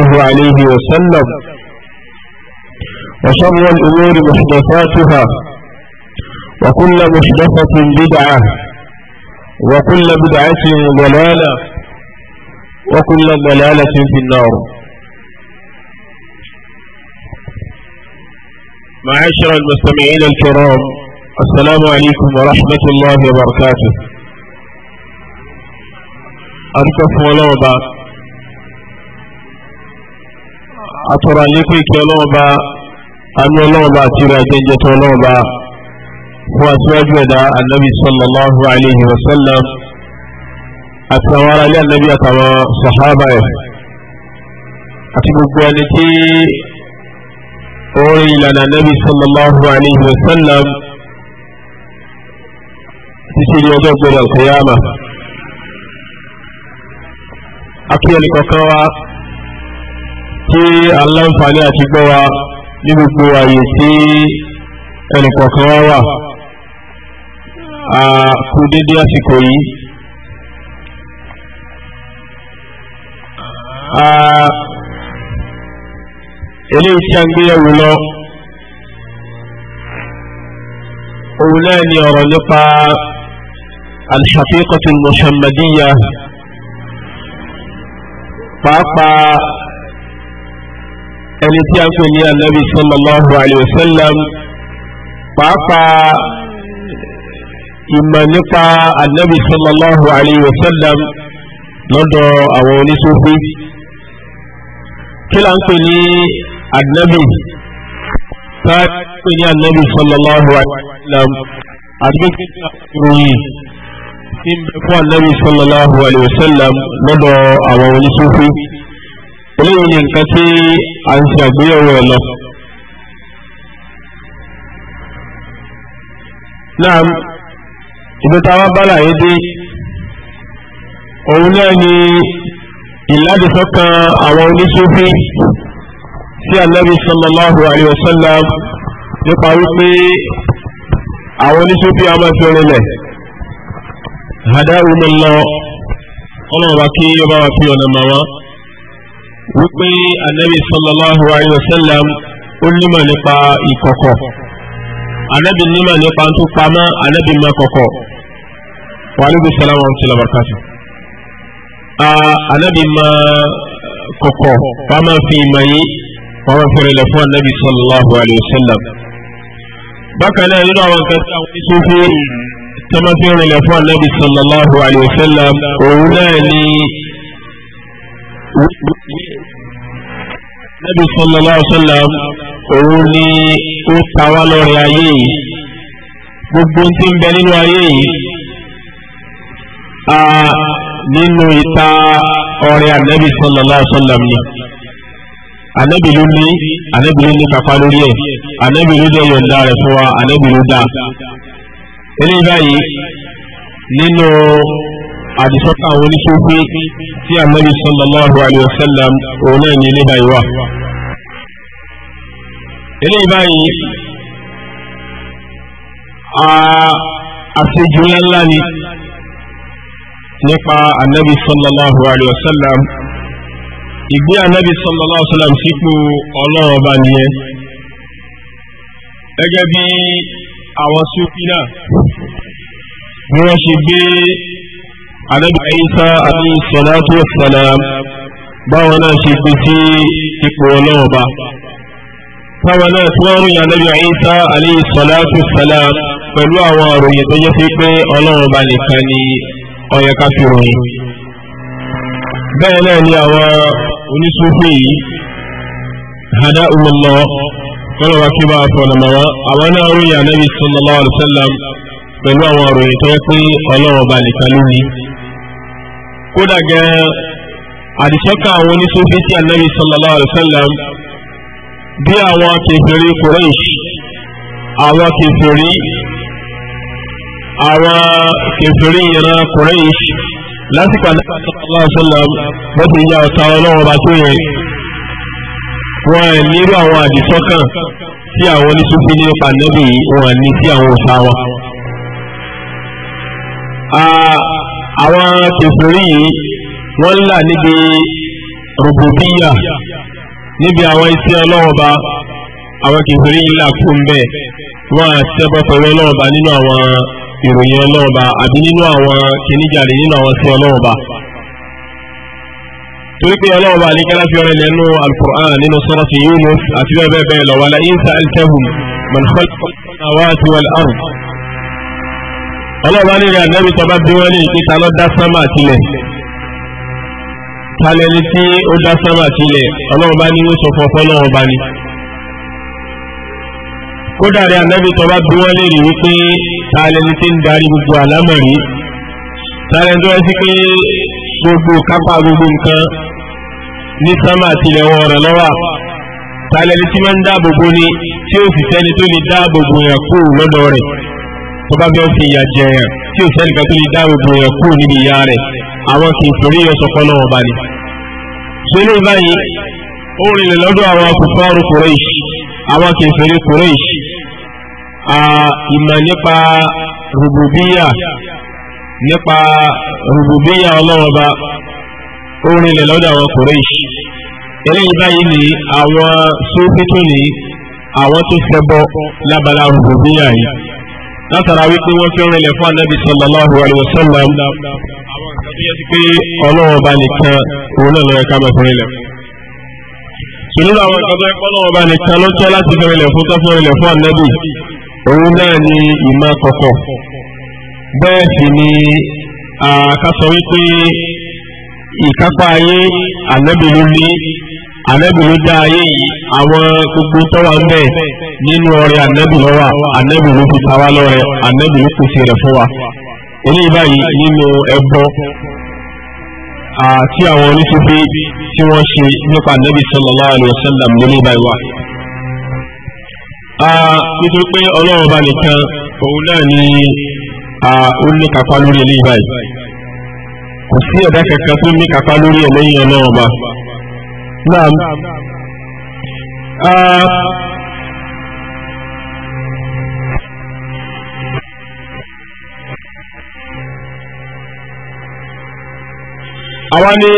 الله عليه وسلم وشر الأمور محدثاتها وكل محدثة بدعة وكل بدعة ضلالة وكل ضلالة في النار معاشر المستمعين الكرام السلام عليكم ورحمة الله وبركاته فولو بعد àtọ̀rọ̀ àlékún ìkẹ́ ọlọ́ọ̀ba anú ọlọ́ọ̀ba àti ìrìn àjẹjẹ tó ọlọ́ọ̀ba fún aṣíwájú ẹ̀dá anabi sallallahu alayhi wa sallam àti àwọn ará ilé anabi àtàwọn sàhábà ẹ̀ àti gbogbo ẹni tí orin ìlànà anabi sallallahu alayhi wa sallam ti ṣe ní ọjọ́ gbọdọ̀ kẹyàmà. akíyẹnì kọ̀ọ̀kan wa tí aláǹfààní àti gbọ́ wa ní gbogbo ààyè tí ẹnìkọ̀ọ̀kan wá wà a kú dédé àsìkò yìí a eléyìí tí a ń gbéyàwó lọ òun náà ni ọ̀rọ̀ nípa al-shafiqatul pàápàá ẹni tí a ń pè ní anabi sallallahu alayhi wa sallam pàápàá ìmọ̀ nípa anabi sallallahu alayhi wa sallam lọ́dọ̀ àwọn oníṣòfì kí la ń pè ní anabi tá a pè ní anabi sallallahu alayhi wa sallam àti pé kí ni ìròyìn ń bẹ fún anabi sallallahu alayhi wa sallam lọ́dọ̀ àwọn oníṣòfì eléyìí ni nǹkan tí a ń ṣe àgbéyẹ̀wò ẹ̀ lọ. náà ibi táwa bá láyé dé òun náà ni ìládìsọ́kàn àwọn oníṣòfin sí Ànábì sallallahu alayhi wa sallam nípa wípé àwọn oníṣòfin a máa fi orin lẹ̀ hadahu Allah ọlọ́run bá kí ọba wa fi ọ̀nà màmá wípé anabi sallallahu alayhi wa sallam ó nímọ̀ nípa ìkọ̀kọ̀ anabi nímọ̀ nípa tó pamọ́ anabi mọ̀ kọ̀kọ̀ wa alaykum salaam wa rahmatullahi wa barakatuh. anabi mọ̀ kọ̀kọ̀ wàá máa fi ìmọ̀ yìí wàá máa fẹ́rẹ̀ fún anabi sallallahu alayhi wa sallam. bákan náà nínú àwọn nǹkan tí àwọn ìṣòfò tẹ́mọ́fẹ́rẹ̀ lẹ̀ fún anabi sallallahu alayhi wa sallam òun náà ní. Nabi sallallahu alaihi wasallam òun ni ó ta wá lọ́rẹ̀ ayé yìí gbogbo tí ń bẹ nínú ayé yìí a nínú ìta ọrẹ anabi sallallahu alaihi wasallam ni anabi ló ní anabi ló ní kápá lórí ẹ anabi ló dé yọ̀ǹda rẹ̀ fún wa anabi ló dá eléyìí báyìí nínú. No, àdìsọ́kà àwọn oníṣòwò tí ànábì sallallahu alaihi wasallam òun náà ní ilé báyìí wà. ilé báyìí àṣejù ńláńlá ni nípa ànábì sallallahu alaihi wasallam ìgbé ànábì sallallahu alaihi wasallam sípò ọlọ́run ọba nìyẹn gẹ́gẹ́ bí àwọn Súfí náà bí wọ́n ṣe gbé Ànábì Isa alayhi salatu wassalam báwọn náà ṣe gbé sí ipò ọlọ́ọ̀ba táwọn náà tí wọ́n ròyìn Ànábì Isa alayhi salatu wassalam pẹ̀lú àwọn àròyìn tó jẹ́ sí pé ọlọ́ọ̀ba nìkan ni ó yẹ ká fi ròyìn bẹ́ẹ̀ náà ni àwọn oníṣòfin yìí hada umullah kọ́lọ̀ wa kí bá àwọn náà ròyìn Ànábì sallallahu alaihi wasallam pẹ̀lú àwọn àròyìn tó yẹ pé ọlọ́ọ̀ba nìkan ló ní kódà gan àdìsọ́kà àwọn oníṣòfin tí anabi sallallahu alayhi wa sallam bí àwọn kèfèrí Quraysh àwọn kèfèrí àwọn kèfèrí ìran Quraysh lásìkò anabi sallallahu alayhi wa sallam wọ́n ti yá ọ̀tá ọlọ́wọ́ bá tó yẹ wọ́n nírú àwọn àdìsọ́kà tí àwọn oníṣòfin nípa anabi wọn ní sí àwọn òṣà wọn. Ah, àwọn kèfèrí yìí wọ́n là níbi rògbòbíyà níbi àwọn iṣẹ́ ọlọ́ọ̀ba àwọn kèfèrí yìí là kú mbẹ́ wọ́n àṣẹ́bọ̀ pẹ̀lú ọlọ́ọ̀ba nínú àwọn ìròyìn ọlọ́ọ̀ba àbí nínú àwọn kìnníjàre nínú àwọn iṣẹ́ ọlọ́ọ̀ba torí pé ọlọ́ọ̀ba ní kẹ́lá fi ọ̀rẹ́ lẹ́nu alukur'an nínú surati Yunus àti bẹ́ẹ̀ bẹ́ẹ̀ lọ wala in sa'altahum man khalaqa wal-ard ọlọ́ọ̀bá nílẹ̀ ànábì tó bá bí wọ́n ní ìpíta lọ dá sámà tilẹ̀ talẹ́ni tí ó dá sámà tilẹ̀ ọlọ́ọ̀bá ní wọ́n sọ fọ́fọ́ náà bá ní. kódà rẹ̀ ànábì tó bá bí wọ́n lè rí wípé talẹ́ni tí ń darí gbogbo àlámọ̀ talẹ́ni tó yẹ sí pé gbogbo kápá gbogbo nǹkan ní sámà tilẹ̀ wọn rẹ̀ lọ́wọ́ talẹ́ni tí máa ń dáàbò bo ni tí ó sì sẹ́ni tó lè dáàbò bo yẹn kú lọ́dọ̀ rẹ̀ tó bá fẹ́ fi ìyà jẹ yẹn tí ò sẹ́nìkan tó lè dáàbò bò yẹn kúrò níbi ìyá rẹ̀ àwọn kì í torí yẹn sọ kọ́nà ọba ni. ṣé ní báyìí ó rìnlẹ̀ lọ́dọ̀ àwọn akùnfààrù Quraysh àwọn kì í torí Quraysh ìmọ̀ nípa rùbùbíyà nípa rùbùbíyà ọlọ́wọ́ba ó rìnlẹ̀ lọ́dọ̀ àwọn Quraysh eléyìí báyìí ni àwọn sófítù ní àwọn tó fẹ́ bọ́ lábala rùbùbíyà yìí látara wípé wọ́n fi rìnlẹ̀ fún anábì sallallahu alaihi wasallam àwọn nǹkan tó yẹ sí pé ọlọ́wọ́ bá nìkan òun náà lọ́yẹ ká máa fi rìnlẹ̀ fún. sùnúrù àwọn nǹkan tó yẹ kọ́ lọ́wọ́ bá nìkan ló tọ́ láti fi rìnlẹ̀ fún tó fi rìnlẹ̀ fún anábì òun náà ni ìmọ̀ kọ̀kọ̀ bẹ́ẹ̀ sì ni àkásọ wípé ìkápá ayé anábì ló ní ànábì ló dá ayé yìí àwọn gbogbo tọ́wà ń bẹ̀ nínú ọrẹ ànábì lọ́wà ànábì ló fi tawá lọ́rẹ ànábì ló pèsè rẹ̀ fún wa eléyìí báyìí nínú ẹbọ àti àwọn oníṣòfé tí wọ́n ṣe nípa ànábì sallallahu alaihi wasallam lórí báyìí wa. nítorí pé ọlọ́run bá nìkan òun náà ni ó ní kápá lórí eléyìí báyìí kò sí ẹ̀dá kankan tó ní kápá lórí ẹ̀ lẹ́yìn ọlọ́run bá naam àwa ní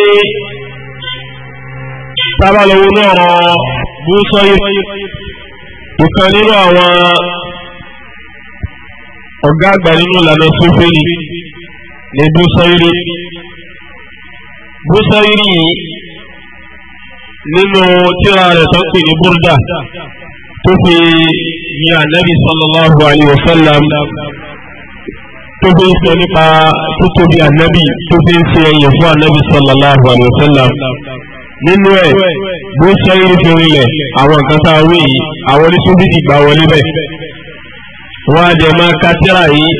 sábàlówó náà bú sọ́yí ìkan nínú àwọn ọ̀gá àgbà nínú ìlànà sófin ní bú sọ́yí rí bú sọ́yí rí yìí nínú tíra rẹ̀ tó ń pè ní búrúdà tó fi ní ànábì sallallahu alayhi wa sallam tó fi ń sọ nípa títóbi ànábì tó fi ń fi ẹyẹ fún ànábì sallallahu alayhi wa sallam nínú ẹ̀ bó ṣe ń fi rinlẹ̀ àwọn nǹkan tá a wí yìí àwọn oníṣòwò ti gbà wọlé bẹ̀. wọ́n á jẹ máa ka tíra yìí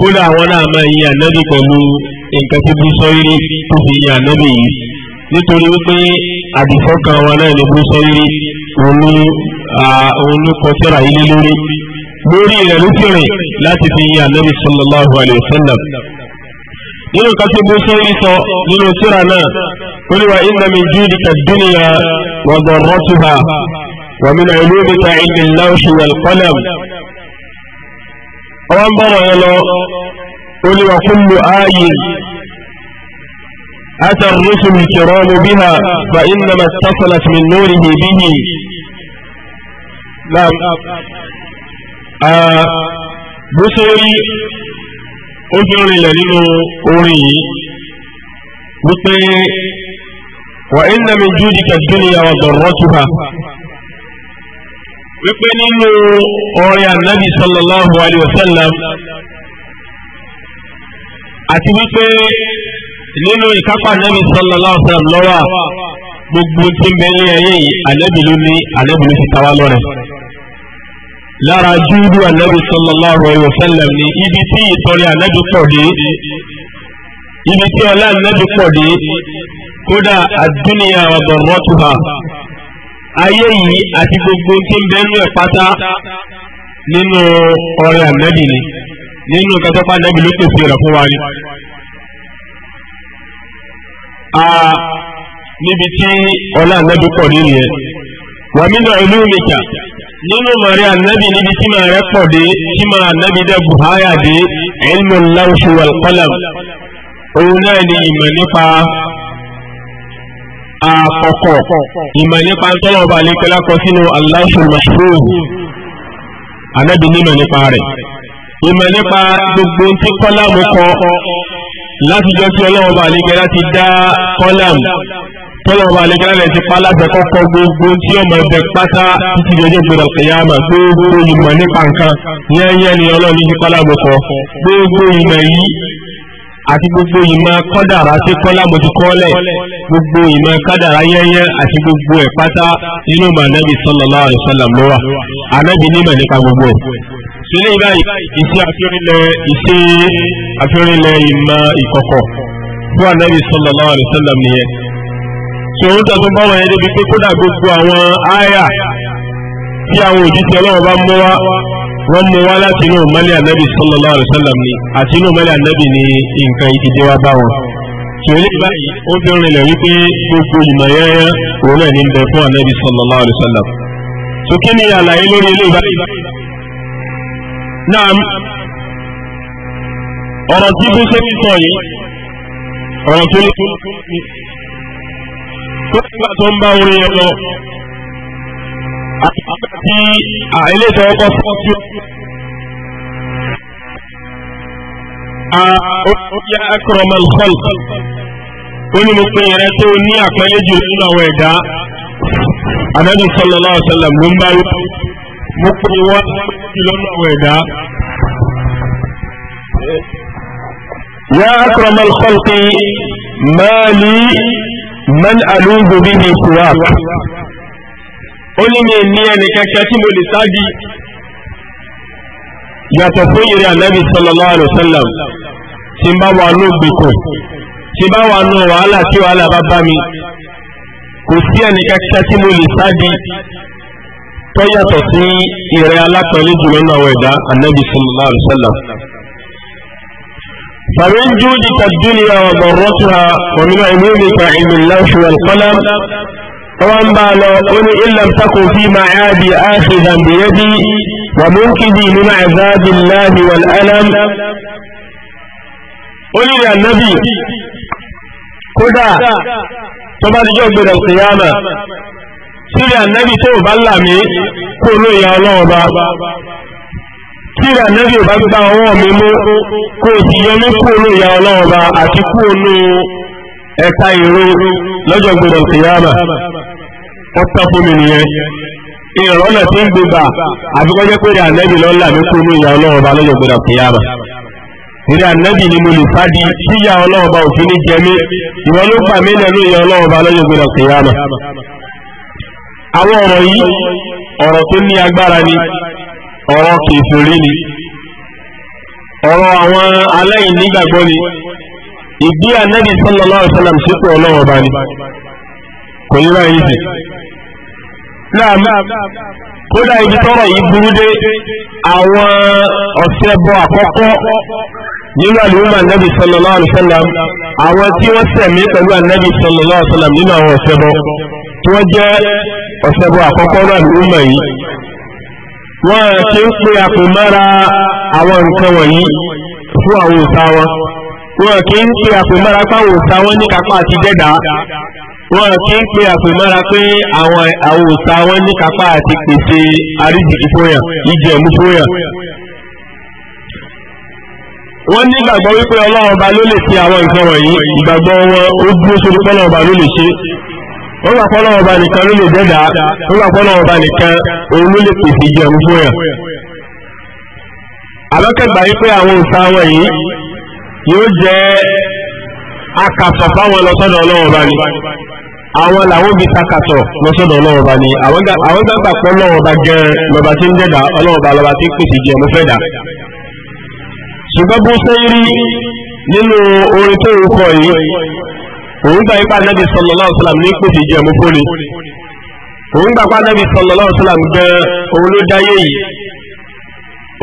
kódà àwọn náà máa yin ànábì pẹ̀lú nǹkan tó fi sọ tó fi yin ànábì yìí nítorí wípé àdìfọ́kàn wa náà ní búrúsọ rírí òun ló kọtíra ilé lórí lórí rẹ̀ ló fi rìn láti fi yí ànábì sallallahu alayhi wa sallam nínú kan tí búrúsọ rírí sọ nínú tíra náà olúwa inna min judika ad-dunya wa darratuha wa min ulumika ilmi al-lawhi wal-qalam ọwọ́n bọ̀rọ̀ yẹn lọ olúwa kullu ayin أتى الرسل الكرام بها فإنما اتصلت من نوره به نعم بصري أجري لنه أري وإن من جودك الدنيا وضرتها wípé nínú ọrẹ ànábì sallallahu alayhi wa sallam àti nínú ìkápá nẹ́bí sallallahu alaihi wasallam lọ́wọ́ gbogbo tí ń bẹ ní ẹyẹ yìí ànẹ́bí ló ní ànẹ́bí ló fi ta wá lọ́rẹ̀. lára júùdù ànẹ́bí sallallahu alaihi wasallam ní ibi tí ìtọ́rẹ ànẹ́bí pọ̀ dé ibi tí ọlá ànẹ́bí pọ̀ dé kódà àdúnìyà ọ̀dọ̀rọ̀tùhà ayé yìí àti gbogbo tí ń bẹ ẹ̀ pátá nínú ọrẹ ànẹ́bí ni nínú kẹtọ́pá ànẹ́bí ló pèsè rẹ̀ fún wa ni a níbi tí ọlá ànábì pọ̀ dé nìyẹn wà mí nà ìlú nìkà nínú màrí ànábì níbi tí màá rẹ pọ̀ dé tí màá ànábì dẹ buhari àdé ilmu lawhi wal qalam òun náà ni ìmọ̀ nípa àkọ́kọ́ ìmọ̀ nípa ntọ́lọ́ba àlékọ́lá kọ sínú aláṣọ màṣúù ànábì nímọ̀ nípa rẹ̀ ìmọ̀ nípa gbogbo ntí kọ́lá mu kọ́ láti jọ sí ọlọ́run bá àlejò láti dá kọ́làm tọ́lọ́run bá àlejò láti ti pa láti kọ́kọ́ gbogbo tí ọmọ ẹgbẹ́ pátá títí di ọjọ́ ìgbéra kìyàmà gbogbo ìmọ̀ nípa nǹkan yẹ́nyẹ́ ni ọlọ́run ní ti kọ́làmù kọ gbogbo ìmọ̀ yìí àti gbogbo ìmọ̀ kọ́dàrá tí kọ́làmù ti kọ́lẹ̀ gbogbo ìmọ̀ kádàrá yẹ́nyẹ́ àti gbogbo ẹ̀ pátá inú mọ̀ ànábì sallallahu alaihi wasallam ló wà sílé báyìí ìṣe àfihànilẹ̀ ìṣe àfihànilẹ̀ ìmọ̀ ìkọ̀kọ̀ fún ànábì sallallahu alaihi wasallam nìyẹn. tí òun tó tún bá wọn yẹn débi pé kódà gbogbo àwọn áyà tí àwọn òjíṣẹ́ ọlọ́run bá mú wá wọ́n mú wá láti inú mọ́lẹ̀ ànábì sallallahu alaihi wasallam ni àti inú mọ́lẹ̀ ànábì ni nǹkan yìí ti dé wá bá wọn. tí òun báyìí ó fi rinlẹ̀ wípé gbogbo ìmọ̀ yẹ́yẹ́ òun ní bẹ fún ànábì sallallahu alaihi wasallam. tó kí ni àlàyé lórí ilé ìbáyìí naam ọ̀rọ̀ tí bó ṣe ń sọ yìí ọ̀rọ̀ tó ní tó ní tó nígbà tó ń bá orin yẹn lọ àti ilé ìfowópamọ́ fún ọtí ya akramal khalq ó ní mo pè yẹrẹ tó ní àpẹẹrẹ jù nínú àwọn ẹ̀dá Ànábì sallallahu alaihi wasallam ló ń bá wí mo pè wọ́n jùlọ nínú àwọn ẹ̀dá. ya akramal khalqi maali man alugu bihi siwak ó ní mi ní ẹnì kankan tí mo lè sáájú yàtọ̀ fún ìrìn ànábì sallallahu alaihi wasallam tí n bá wà ní ògbìkùn tí bá wà ní wàhálà tí wàhálà bá bá mi kò sí ẹnì kankan tí mo lè sáájú tó yàtọ̀ sí ìrẹ́ alápẹ̀lẹ́ jùlọ náà wọ̀ ẹ̀dá anábì sallallahu alaihi wasallam. فمن جودك الدنيا وضرتها ومن علومك علم اللوح والقلم وان بالو قل ان لم تكن في معادي اخذا بيدي ومنقذي من عذاب الله والالم قل يا النبي كدا تبارك يوم القيامه sílẹ̀ ànábì tó bá làmí kó ló ya ọlọ́run bá sílẹ̀ ànábì ò bá gbá ọwọ́ mi mú kó o sì yọ mí kó ló ya ọlọ́run bá àti kó ló ẹ̀ka ìró lọ́jọ́ gbọdọ̀ kìyàmà ọ̀pẹ́ fún mi nìyẹn ìrọ̀lẹ́ tí ń gbégbà àfikọ́jẹ́ pé rẹ̀ ànábì lọ́la mi kó ló ya ọlọ́run bá lọ́jọ́ gbọdọ̀ kìyàmà ìrẹ́ ànábì ni mo lè fàdí síyà ọlọ́ọ̀bá òfin ní jẹmí ìwọ ló pàmílẹ̀ lóye ọlọ́ọ̀bá lọ́jọ́ gbọdọ̀ kìyàmà àwọn ọ̀rọ̀ yìí ọ̀rọ̀ tó ní agbára ni ọ̀rọ̀ kìfìrí ni ọ̀rọ̀ àwọn aláìnígbàgbọ́ ni ìgbé ànábì sallallahu alaihi wasallam sípò ọlọ́wọ́ bá ni kò ní báyìí sí. náà kódà ibi tọ́rọ̀ yìí burú dé àwọn ọ̀sẹ̀ bọ àkọ́kọ́ nínú àlùmọ́ ànábì sallallahu alaihi wasallam àwọn tí wọ́n ṣẹ̀mí pẹ̀lú ànábì sallallahu alaihi wasallam nínú àwọn ọ̀sẹ̀ bọ tí wọ́n jẹ́ ọ̀sẹ̀bọ àkọ́kọ́ náà ló mọ̀ yìí wọ́n ti ń pe àpèmára àwọn nǹkan wọ̀nyí fún àwọn òòṣà wọn wọ́n kì í pe àpèmára fáwọn òòṣà wọn ní kápá àti dẹ́dà wọ́n kì í pe àpèmára pé àwọn òòṣà wọn ní kápá àti pèsè àríjìkì fún yàn ìjẹ̀mú fún wọ́n ní ìgbàgbọ́ wípé ọlọ́run ọba ló lè ṣe àwọn nǹkan wọ̀nyí ìgbàgbọ́ wọn ó dúró sórí pé ọlọ́run ọba ló lè ṣe ó gbà ọba nìkan ló lè dẹ́dà ó gbà ọba nìkan òun lè pèsè ìjẹun fún yàn. àbẹ́kẹ̀gbà yìí pé àwọn òòṣà wọn yìí yóò jẹ́ akàtọ̀ fáwọn ọlọ́wọ́ ọba ni àwọn làwọn bí takàtọ̀ lọ́sọ̀dọ̀ ọlọ́wọ́ ọba ni àwọn gbàgbà pọ́ lọ́wọ́ ọba gan-an lọ́ba tí ń dẹ́dà ọlọ́wọ́ òun gbà ipá nàbì sallallahu alaihi wasallam ní pèsè jẹmú fóni òun gbà pa nàbì sallallahu alaihi wasallam gan òun ló dáyé yìí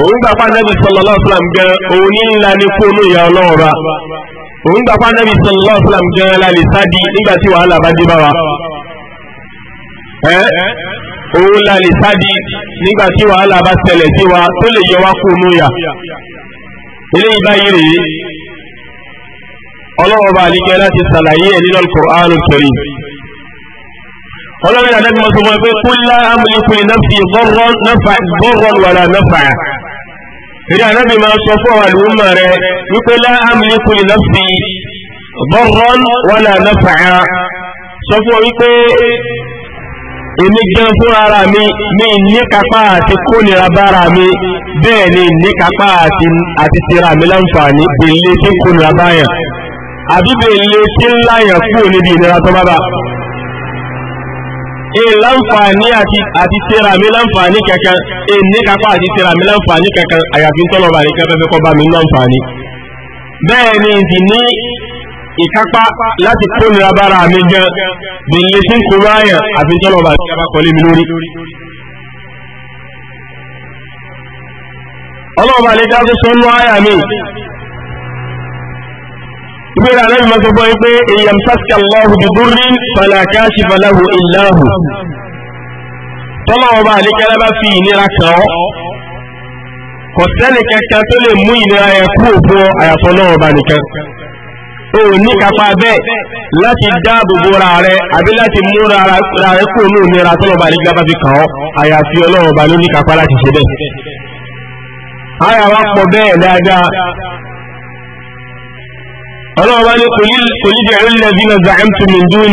òun gbà pa nàbì sallallahu alaihi wasallam gan òun ní ńlá ní fóònù ìyá ọlọ́ọ̀ra òun gbà pa nàbì sallallahu alaihi wasallam lálẹ́ sádi nígbà tí wàhálà bá dé bá wa ẹ òun lálẹ́ sádi nígbà tí wàhálà bá ṣẹlẹ̀ sí wa tó lè yọ wá fóònù ìyá eléyìí báyìí rèé ọlọ́run bá àlíkẹ́ láti ṣàlàyé ẹ̀ nínú alukur'an kẹrin ọlọ́run àdájú wọn sọ fún ẹ pé kúlá amúlẹ́kùn náfì bọ́rọ̀ wàlà náfà eré anábì máa sọ fún àwọn àlùmọ̀ rẹ wípé lá amúlẹ́kùn náfì bọ́rọ̀ wàlà náfà sọ fún ọ wípé èmi gan fún ara mi mi níkapá àti kónira bára mi bẹ́ẹ̀ ni níkapá àti tira mi láǹfààní gbèlè tí kónira báyàn àbíbẹ̀ ilé tí ń láyàn kúrò níbi ìnira tó bá bá e láǹfààní àti tẹ́ra mi láǹfààní kankan e ní kápá àti tẹ́ra mi láǹfààní kankan àyàfi tọ́lọ̀bà ní kẹfẹ́fẹ́ kọ́ bá mi láǹfààní bẹ́ẹ̀ ni ìdí ní ìkápá láti kó nira bára mi gan bèlè sí kó ráyàn àfi tọ́lọ̀bà ní kẹfẹ́ kọ́lé mi lórí ọlọ́ọ̀bà lè dá tó sọ́nú àyà mi ìbéèrè àlẹ́ ìmọ̀ sọ fún pé èèyàn sásìkà lọ́hùn dùdúrí fàlàkáṣì fàlàhù ìlàhù tọ́lọ́wọ́ bá àlékẹ́lá bá fi ìnira kàn ọ́ kò sẹ́ni kankan tó lè mú ìnira yẹn kú òfin ọ náà ọba nìkan o ní kápá bẹ́ẹ̀ láti dáàbò bo ra rẹ àbí láti mú ra rẹ kú òun ìnira tọ́lọ́wọ́ bá àlékẹ́lá bá fi kàn ọ́ àyàfi ọlọ́wọ́ bá ló ní kápá láti ṣe bẹ́ẹ̀ àyàwó pọ̀ bẹ́ẹ̀ dáadáa ọlọ́run bá ní kòlídìí ẹ̀rínlẹ̀ bí náà zàìm tó mi dúró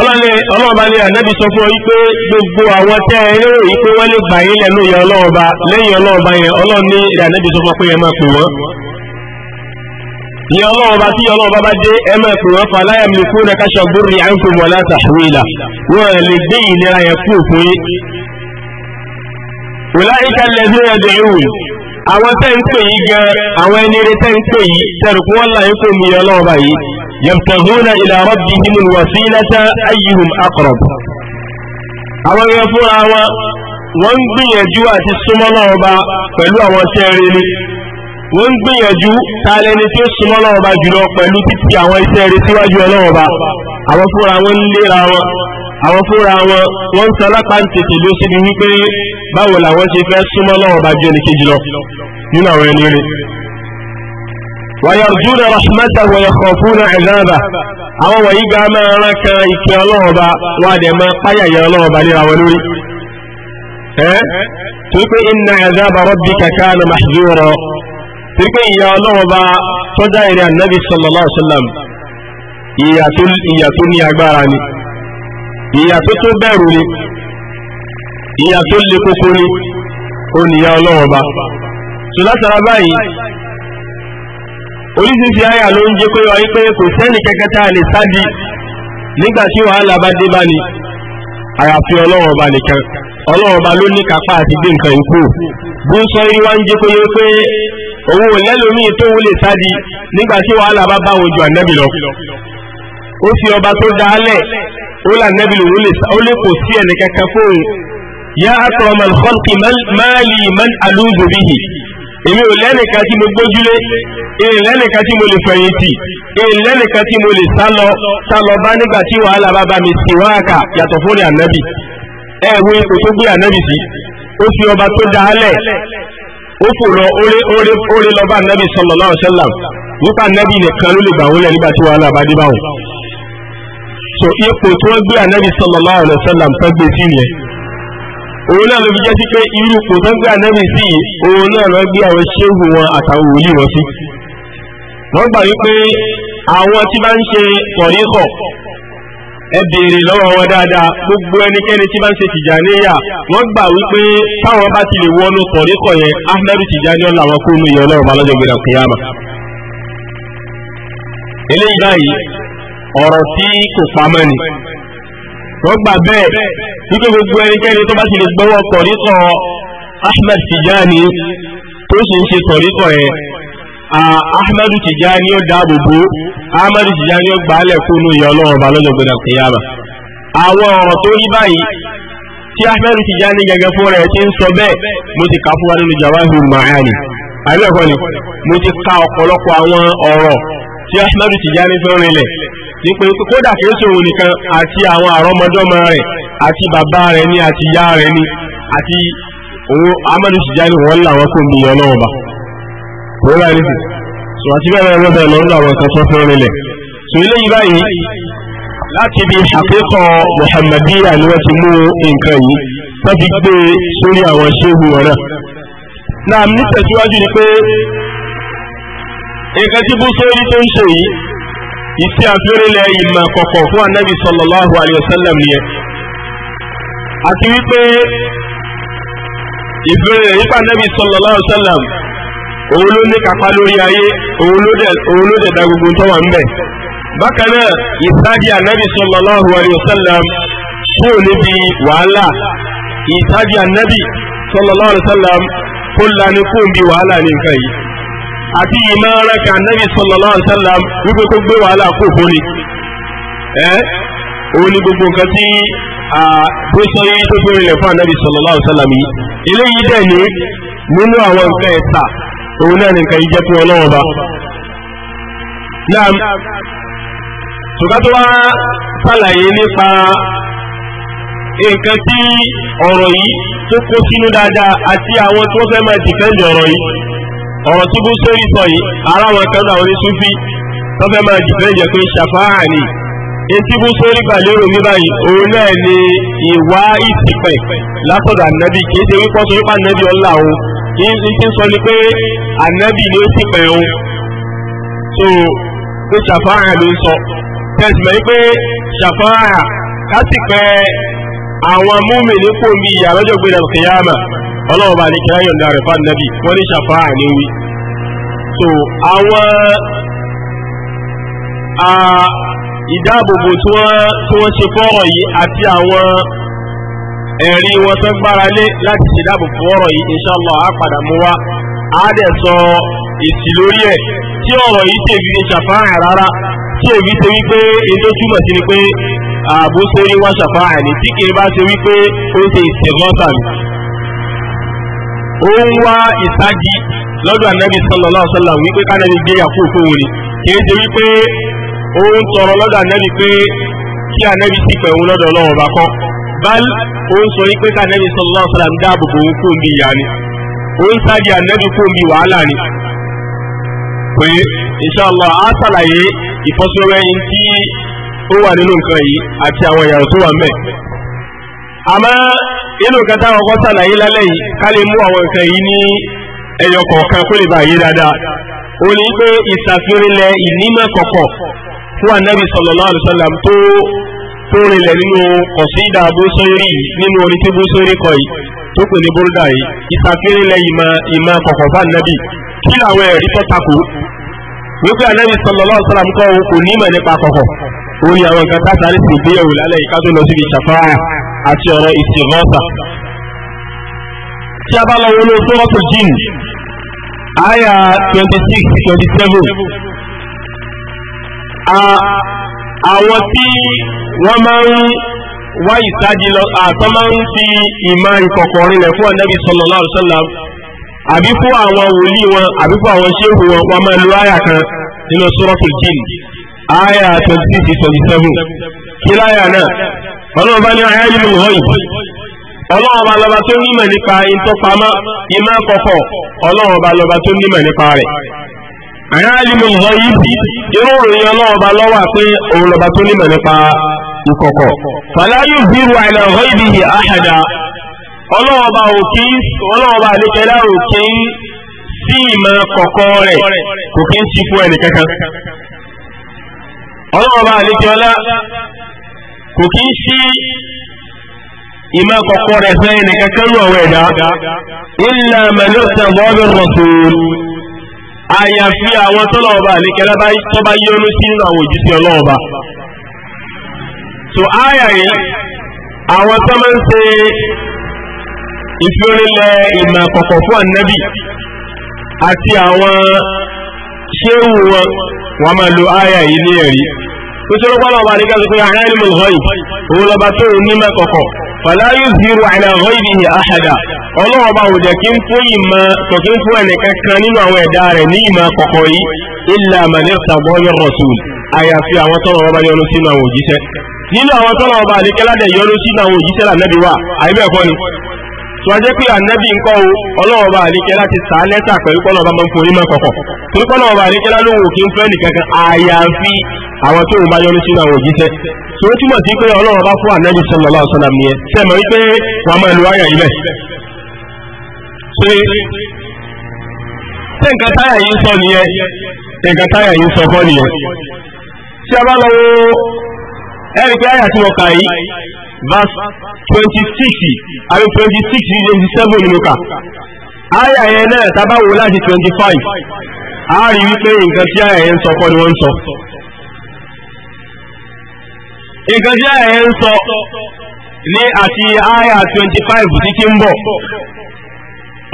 ọlọ́run bá ní ànábì sọ fún ọ yí pé gbogbo àwọn tẹ́ ẹ lérò yí pé wọ́n lè gbà yín lẹ́nu ìyá ọlọ́run bá lẹ́yìn ọlọ́run yẹn ọlọ́run ní sọ fún ọ pé máa pè wọ́n ní ọlọ́run àwọn tẹ́ ń pè yí gan àwọn ẹni rẹ tẹ́ ń pè yí tẹ́rù kún wọ́n láyé kò níyọ lọ́wọ́ báyìí yabtaguna ila rabbihimul wasilata ayyuhum aqrab. àwọn yẹn fúnra wọn wọ́n ń gbìyànjú àti súnmọ́ lọ́wọ́ bá pẹ̀lú àwọn sẹ́ẹ̀rì ni wọ́n ń gbìyànjú tààlẹ́ ni tí ó súnmọ́ lọ́wọ́ bá jùlọ pẹ̀lú títí àwọn iṣẹ́ síwájú ọlọ́wọ́ bá àwọn fúnra wọn ń léra àwọn fúnra wọn wọ́n ń salápá ń tètè ló síbi wípé báwo làwọn ṣe fẹ́ súnmọ́ lọ́wọ́ bá jẹ́ ẹnìkejì lọ nínú àwọn ẹni rẹ̀. wàyàrjúnà rahmata wọ̀yọ̀kọ̀ fún ẹ̀dáàbà àwọn wọ̀nyí gba máa rán kan ìkẹ́ ọlọ́ọ̀ba wà dẹ̀ máa páyàyà ọlọ́ọ̀ba léra wọn lórí. ẹ torí pé ẹ̀dáàbà rọ́bì kàkà na mahzura torí pé ìyà ọlọ́ọ̀ba tó dá ìrìn ànábì sallallahu alaihi agbára ni. ìyà tó tó bẹ̀rù ni ìyà tó le koko ni ó níyà ọlọ́wọ́ bá báyìí oríṣiríṣi àyà ló ń jẹ́ kò sẹ́ni kẹ́kẹ́ a lè sádi nígbà tí wàhálà bá dé bá ni àyàfi nìkan ló ní kápá àti gbé nǹkan bó sọ wá ń jẹ́ pé pé òun ò lẹ́lòmíì tó wúlè sádi nígbà tí wàhálà bá ó là nẹ́bí lòun lè sá ó lè kò sí ẹnì kankan fóun yá àtọ̀rọ̀mọ̀ alkhalqi máàlì man alúgbò bíyì èmi ò lẹ́nìkan tí mo gbójúlé èyí lẹ́nìkan tí mo lè fẹ̀yìntì èyí lẹ́nìkan tí mo lè sálọ sálọ bá nígbà tí wàhálà bá bá mi sì wá àkà yàtọ̀ fún ànábì ẹ wo ipò tó gbé ànábì sí ó fi ọba tó dá lẹ̀ ó fò lọ óré óré óré lọ bá ànábì sallallahu alaihi wasallam nípa ànábì nìkan ló lè gbà wọlé nígbà tí wàhálà bá dé báwọn so ipò tí wọ́n gbé ànábì sallallahu alaihi wasallam tó gbé sí yẹn òun náà ló fi jẹ́ sí pé irú ipò tó gbé ànábì sí yìí òun náà ló gbé àwọn ṣéwù wọn àtàwọn wòlíì wọn sí wọ́n gbà wípé àwọn tí bá ń ṣe kọ̀ríkọ̀ ẹ béèrè lọ́wọ́ wọn dáadáa gbogbo ẹnikẹ́ni tí bá ń ṣe tìjàníyà wọ́n gbà wípé táwọn bá ti lè wọnú kọ̀ríkọ̀ yẹn ahmed tìjàní ọ̀la àwọn kó nu ìyẹn ọ̀rọ̀ tí kò pamọ́ ni wọ́n gbà bẹ́ẹ̀ wípé gbogbo ẹnikẹ́ni tó bá ti lè gbọ́wọ́ kọ̀ríkọ̀ Ahmed Tijani tó sì ń ṣe kọ̀ríkọ̀ ẹ̀ Ahmed Tijani ó dáàbò bò Ahmed Tijani ó gbàálẹ̀ kúnú ìyá ọlọ́run bá lọ́jọ́ gbẹdà kìyàmà àwọn ọ̀rọ̀ tó rí báyìí tí Ahmed Tijani gẹ́gẹ́ fún rẹ̀ ti ń sọ bẹ́ẹ̀ mo ti kà fún wa nínú Jawahirul Ma'ani àbẹ́ẹ̀kọ́ ni mo ti ka ọ̀pọ̀lọpọ̀ àwọn ọ̀rọ̀ tí ahmadu tijani fẹ́ rinlẹ̀ ní pé kódà kìí ṣòro nìkan àti àwọn àrọ́mọdọ́mọ rẹ̀ àti bàbá rẹ̀ ni àti ìyá rẹ̀ ni àti òun ahmadu tijani wọ́n làwọn kò mí ọlọ́wọ́ bá wọ́n láì nìsí sọ àti bẹ́ẹ̀ bẹ́ẹ̀ bẹ́ẹ̀ lọ́nà àwọn kan tó fẹ́ rinlẹ̀ sọ eléyìí báyìí láti ibi àpékọ muhammadiya ni wọ́n ti mú nǹkan yìí wọ́n ti gbé e sórí àwọn ṣéhùn ọ̀rẹ́ náà ní ni pé nǹkan tí búsórí tó ń ṣe yìí ìsí àfihàn ìmọ̀ kọ̀kọ̀ fún anábì sallallahu alayhi wa sallam nìyẹn àti wípé ìbéèrè nípa anábì sallallahu alayhi wa sallam òun ló ní kápá lórí ayé òun ló dẹ̀ da gbogbo tó wà ń bákan náà ìsádi anábì sallallahu alayhi sallam kó o níbi wàhálà ìsádi anábì sallallahu alayhi sallam kó lanu kó wàhálà ní nǹkan yìí àti ìmọ̀ràn kan nabi sallallahu alaihi wasallam wípé kó gbé wàhálà kó bóni ẹ́ òun ni gbogbo nǹkan tí bó sọ yìí tó gbé ilẹ̀ fún anabi sallallahu alaihi wasallam yìí eléyìí dẹ̀ ní nínú àwọn nǹkan ẹ̀ta òun náà nìkan yìí jẹ́ fún ọlọ́wọ́ bá. náà tòkátó wá sàlàyé nípa nǹkan tí ọ̀rọ̀ yìí tó kó sínú dáadáa àti àwọn tó fẹ́ máa dìkẹ́ ọ̀rọ̀ tí bú sórí sọ yìí ara wọn kan náà oníṣúfí tó fẹ́ máa dìbẹ́ yẹ pé ṣàfáà ni etí bú sórí gbà lérò mi báyìí òun náà ni ìwà ìsìpẹ̀ látọ̀dọ̀ ànábì kì ṣe wípọ́ sórí pa ànábì ọ̀la o kì ṣe sọ ni pé ànábì ni ó sìpẹ̀ o so pé ṣàfáà ló ń sọ tẹ̀sí mọ́ pé ṣàfáà kásìpẹ̀ àwọn múmi ní kò ìyàrá ọjọ́ ọlọ́wọ́ bá ní kíra yọ̀ǹda rẹ̀ fáwọn nàbì wọ́n ní ṣàfà ní wí so àwọn ìdáàbòbò tí wọ́n ṣe fọ́rọ̀ yìí àti àwọn ẹ̀rí wọn tó gbára lé láti ṣe dáàbò fọ́rọ̀ yìí inshallah á padà mú wá á dẹ̀ sọ èsì lórí ẹ̀ tí ọ̀rọ̀ yìí tèmi ní ṣàfáà rárá tí èmi ṣe wípé ètò túmọ̀ sí ni pé ààbò ṣe wá ṣàfáà ní tí kìí bá ṣe wípé ó ṣe ìṣègọ́ta ó ń wá ìsájí lọ́dọ̀ ànábì sallallahu alaihi wasallam wípé kánábì gbé yàkó fóun ni kìí ṣe wípé ó ń tọrọ lọ́dọ̀ ànábì pé kí ànábì sì ọba lọ́dọ̀ ọlọ́wọ́ bá kọ́ bal ó ń sọ wípé kánábì sallallahu alaihi wasallam dáàbò bò ń fóun bí ìyá ni ó ń ànábì bí wàhálà ni pé inú nǹkan táwọn ọkọ sàlàyé lálẹ́ yìí ká lè mú àwọn nǹkan yìí ní ẹyọ kọ̀ọ̀kan kó lè bàyè dáadáa ó ní pé ìsàfihànlẹ̀ ìnímọ̀ kọ̀kọ̀ fún anabi sallallahu alaihi wasallam tó tó rinlẹ̀ nínú kọ̀sídà bóṣórí nínú orin tí bóṣórí kọ yìí tó pè ní bórídà yìí ìsàfihànlẹ̀ ìmọ̀ ìmọ̀ kọ̀kọ̀ fún anabi kí làwọn ẹ̀rí tó takò wípé anabi sallallahu alaihi wasallam kọ́ òun kò nímọ̀ ó ní àwọn nǹkan tásáré sì gbéyàwó lálẹ́ yìí ká tó lọ síbi ṣàfáà àti ọ̀rọ̀ ìsìnkọ́ta tí a bá lọ wọlé sọ́rọ́tò jìn àyà twenty six twenty seven àwọn tí wọ́n máa ń wá ìsájì lọ àtọ́ máa ń fi ìmọ̀ ìkọ̀kọ̀rin lẹ̀ fún ànábì sallallahu alaihi wasallam àbí fún àwọn wòlíì wọn àbí fún àwọn ṣéhù wọn wọ́n máa lo àyà kan nínú sọ́rọ́tò jìn aya twenty six twenty seven kí láyà náà ọlọ́run bá ní ayájú mi wọ̀nyí ọlọ́run bá lọ́ba tó nímọ̀ nípa ìtọ́pamọ́ ìmọ̀ kọ̀kọ̀ ọlọ́run bá lọ́ba tó nímọ̀ nípa rẹ̀ ayájú mi wọ̀nyí bí irú òròyìn ọlọ́run bá lọ́wọ́ òun lọ́ba ibi yìí àhàdà ọlọ́run bá òkè ọlọ́run bá ọlọ́run ọba àlejò ọlá kò kí ń sí ìmọ̀ kọ̀kọ́ rẹ̀ fẹ́ nìkan kẹ́rù ọ̀wọ́ ẹ̀dá ilẹ̀ mẹ́lẹ́sẹ̀ bọ́ọ̀bì rọ̀tún àyàfi àwọn tọ́lọ̀ọba àlejò ọlá tó bá yọnu sí nínú àwọn òjíṣẹ́ ọlọ́ọba so áyà yìí àwọn tó máa ń ṣe ìfiorílẹ̀ ìmọ̀ kọ̀kọ̀ fún ànábì àti àwọn ṣéwù wọn wọn máa lo áyà yìí ní ẹ̀rí nítorí pọ́lọ́ ọba àríkà sọ pé àárín mọ̀lọ́yì òun lọ́ba tó ní mẹ́kọ̀kọ̀ fàláyù zero àìlàhọ́ ìdí àṣàdà ọlọ́wọ́ ọba òjẹ̀ kí ń fún ìmọ̀ tó kí ń fún ẹnìkan kan nínú àwọn ẹ̀dá rẹ̀ ní ìmọ̀ kọ̀kọ̀ yìí ilà mànífà bọ́yọ̀ rọ̀sùn àyàfi àwọn tọ́lọ̀ ọba yọnu sínú àwọn òjíṣẹ́ nínú àwọn tọ́lọ̀ ọba àríkà yọnu sínú àwọn òjíṣẹ́ lànàbí tó a jẹ́ pé ànábì ń kọ́ o ọlọ́wọ́ bá àlékẹ́ láti sá lẹ́tà pẹ̀lú kọ́nà ọba máa ń forí máa kọ̀kọ̀ torí kọ́nà ọba àlékẹ́ lálóhùn òkè ń fẹ́ nìkankan àyàfi àwọn tó ń bá yọrí sínú àwọn òjíṣẹ́ tó túmọ̀ sí pé ọlọ́wọ́ bá fún ànábì mọ̀ wípé wàá máa lu àyà yìí bẹ́ẹ̀. ṣé táyà yìí a bá lọ wo Erik pé àyà tí mo yìí verse twenty six àbí twenty six twenty seven ni kà àyà yẹn náà tábà wò láti twenty five a rí wípé nǹkan tí ń sọ kọ́ ni wọ́n ń sọ. nǹkan tí ń sọ ní àti twenty five títí ń bọ̀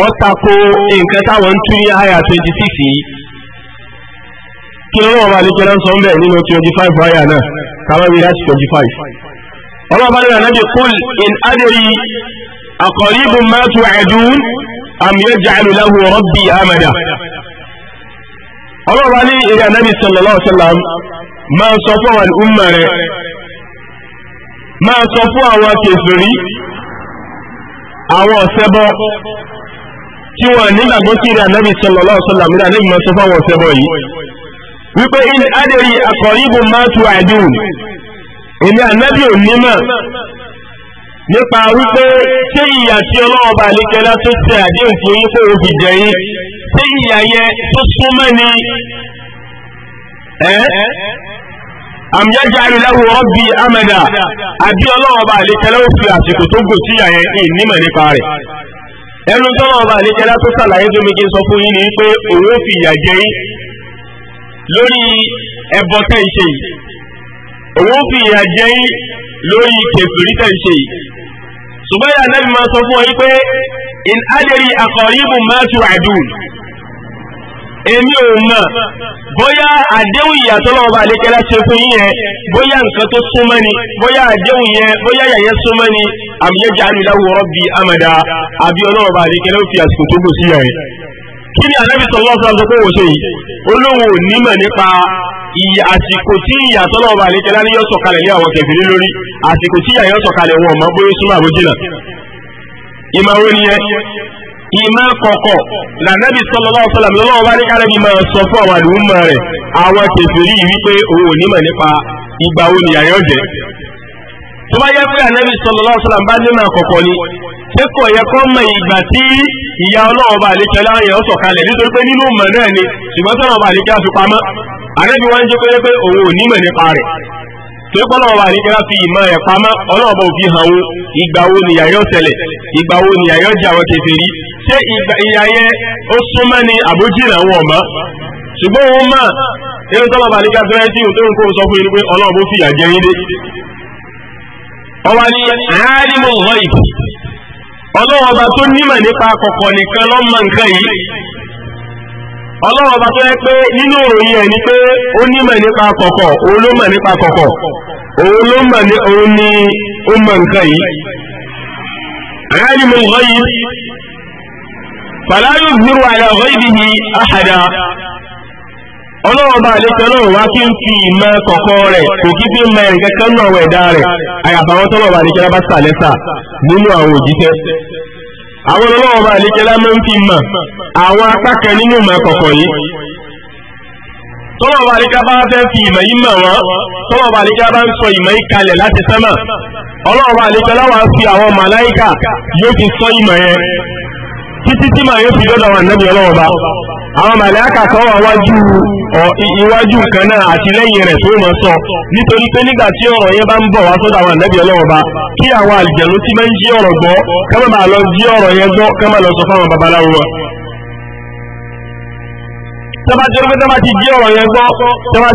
ó tako nǹkan táwọn ń tún ní twenty six yìí kí ló wọ́n twenty five náà. kàwé wí láti twenty five ọlọ́ọ̀bá ní ànábì kúl in adri àkọ̀ríbù máa tu ẹ̀dùn àmì yóò jàlù lahu rabbi amada ọlọ́ọ̀bá ní ìrìn ànábì sallallahu alaihi wasallam máa sọ fún àwọn umma rẹ̀ máa sọ fún àwọn kèfèrí àwọn ọ̀sẹ́bọ tí wọ́n nígbàgbọ́ sí ìrìn ànábì sallallahu alaihi wasallam ìrìn máa sọ fún àwọn ọ̀sẹ́bọ yìí wípé in adèrí akọ̀ríbù máa tu àdùn èmi ànábì ò nímọ̀ nípa wípé ṣé ìyà tí ọlọ́wọ́ bá tó ṣe àdéhùn fún yín kó o fi jẹ ṣé ìyà yẹn tó súnmọ́ ni àmìyájá àríláwò rabbi amada àbí ọlọ́wọ́ bá lékẹ́lá ó fi àsìkò tó gò sí ìyà yẹn ìnímọ̀ nípa rẹ̀ ẹnu tọ́lọ́wọ́ bá lékẹ́lá tó ṣàlàyé fún mi kí n sọ fún yín ni pé òun ó fi ìyà jẹ lórí ẹbọ tẹ́ ń ṣe yìí òun fi ìyà jẹ yín lórí kẹfìrí tẹ́ ń ṣe yìí ṣùgbọ́n yà nẹ́bí máa sọ fún ọ yí pé in adri aqaribu ma tu'adun èmi ò mọ̀ bóyá àdéhùn ìyàtọ̀ lọ́wọ́ bá àlékẹ́ láti fún yín yẹn bóyá nǹkan tó súnmọ́ ni bóyá àdéhùn yẹn bóyá yàyẹ súnmọ́ ni àmì yẹn jẹ́ àmì láwùrọ̀ bíi amada àbí ọlọ́wọ́ bá àlékẹ́ lọ́wọ́ fi àsìkò tó gbòsí yẹn kí ni ànábì sallallahu alaihi wasallam kó wò ṣe yìí olóhùn ò nímọ̀ nípa ìyà àsìkò tí ìyà tọ́lọ̀ ọba àlejò láti yọ sọ̀kalẹ̀ lé àwọn kẹfìrí lórí àsìkò tí ìyà yọ sọ̀kalẹ̀ wọn ọmọ bóyá súnmọ́ àbójìnà ìmọ̀ wo nìyẹn ìmọ̀ kọ̀kọ̀ lànàbì sallallahu alaihi wasallam lọ́wọ́ bá ní kárẹ́bì máa sọ fún àwọn àdúgbò rẹ̀ àwọn kẹfìrí wípé òun ò nímọ̀ nípa ìgbà wo nìyà yọ jẹ́ tó bá yẹ pé ànábì sallallahu alaihi wasallam bá ní máa kọ̀kọ̀ ni ṣé kò yẹ kó mọ ìgbà tí ìyá ọlọ́run bá àlékẹ́ láàyè ọ̀sọ̀ kalẹ̀ nítorí pé nínú mọ̀ náà ni ṣùgbọ́n sọ̀rọ̀ bá àlékẹ́ àfi pamọ́ ànábì wá ń jẹ́ pé pé òun ò ní mọ̀ nípa rẹ̀ torí pé ọlọ́run bá àlékẹ́ fi ìmọ̀ rẹ̀ pamọ́ ọlọ́run bá òfin hàn wo ìgbà wo ni yàyọ́ ṣẹlẹ̀ ìgbà wo ni yàyọ́ jẹ́ àwọn kèfèrí ṣé ìyá yẹn ó súnmọ́ ni àbójìnà wọn ọ̀mọ́ ṣùgbọ́n òun mọ̀ eré tọ́lọ̀ bá àlékẹ́ fẹ́rẹ́ tí òun tó ń kó sọ fún yín pé ọlọ́run bó fìyà jẹ yín dé ọwọ́ ni alimul ghaib ọlọ́wọ́ ọba tó nímọ̀ nípa kọ̀kọ̀ nìkan ló mọ nǹkan yìí ọlọ́wọ́ ọba tó yẹ pé nínú òòyìn ẹ̀ ni pé ó nímọ̀ nípa kọ̀kọ̀ òun ló mọ̀ nípa kọ̀kọ̀ òun ló mọ̀ ní òun ni ó mọ nǹkan yìí alimul ghaib fala yuzhiru ala ghaibihi ahada. ọlọ́run bá àlejò wá kí n fi ìmọ̀ kọ̀kọ́ rẹ̀ kò kí fi mọ ẹ̀rìn kankan náà wọ ẹ̀dá rẹ̀ àyàfà àwọn tọ́lọ̀ bá àlejò bá sà lẹ́sà nínú àwọn òjíṣẹ́ àwọn ọlọ́run bá àlejò ń fi mọ̀ àwọn nínú ìmọ̀ yìí tọ́lọ̀ bá bá fẹ́ fi ìmọ̀ yìí mọ̀ wọ́n tọ́lọ̀ bá bá ń sọ ìmọ̀ yìí kalẹ̀ láti sẹ́mà ọlọ́run bá àwọn màláíkà kan wà wájú iwájú nǹkan náà àti lẹ́yìn rẹ̀ tó mọ̀ sọ nítorí pé nígbà tí ọ̀rọ̀ yẹn bá ń bọ̀ wá sọ́dọ̀ àwọn ànábì ọlọ́run bá kí àwọn àlìjẹ̀lú tí máa ń jí ọ̀rọ̀ gbọ́ ká má máa lọ jí ọ̀rọ̀ yẹn gbọ́ ká má lọ sọ fáwọn babaláwo wọn. tọ́ba tí ọ̀rọ̀ yẹn gbọ́ tọ́ba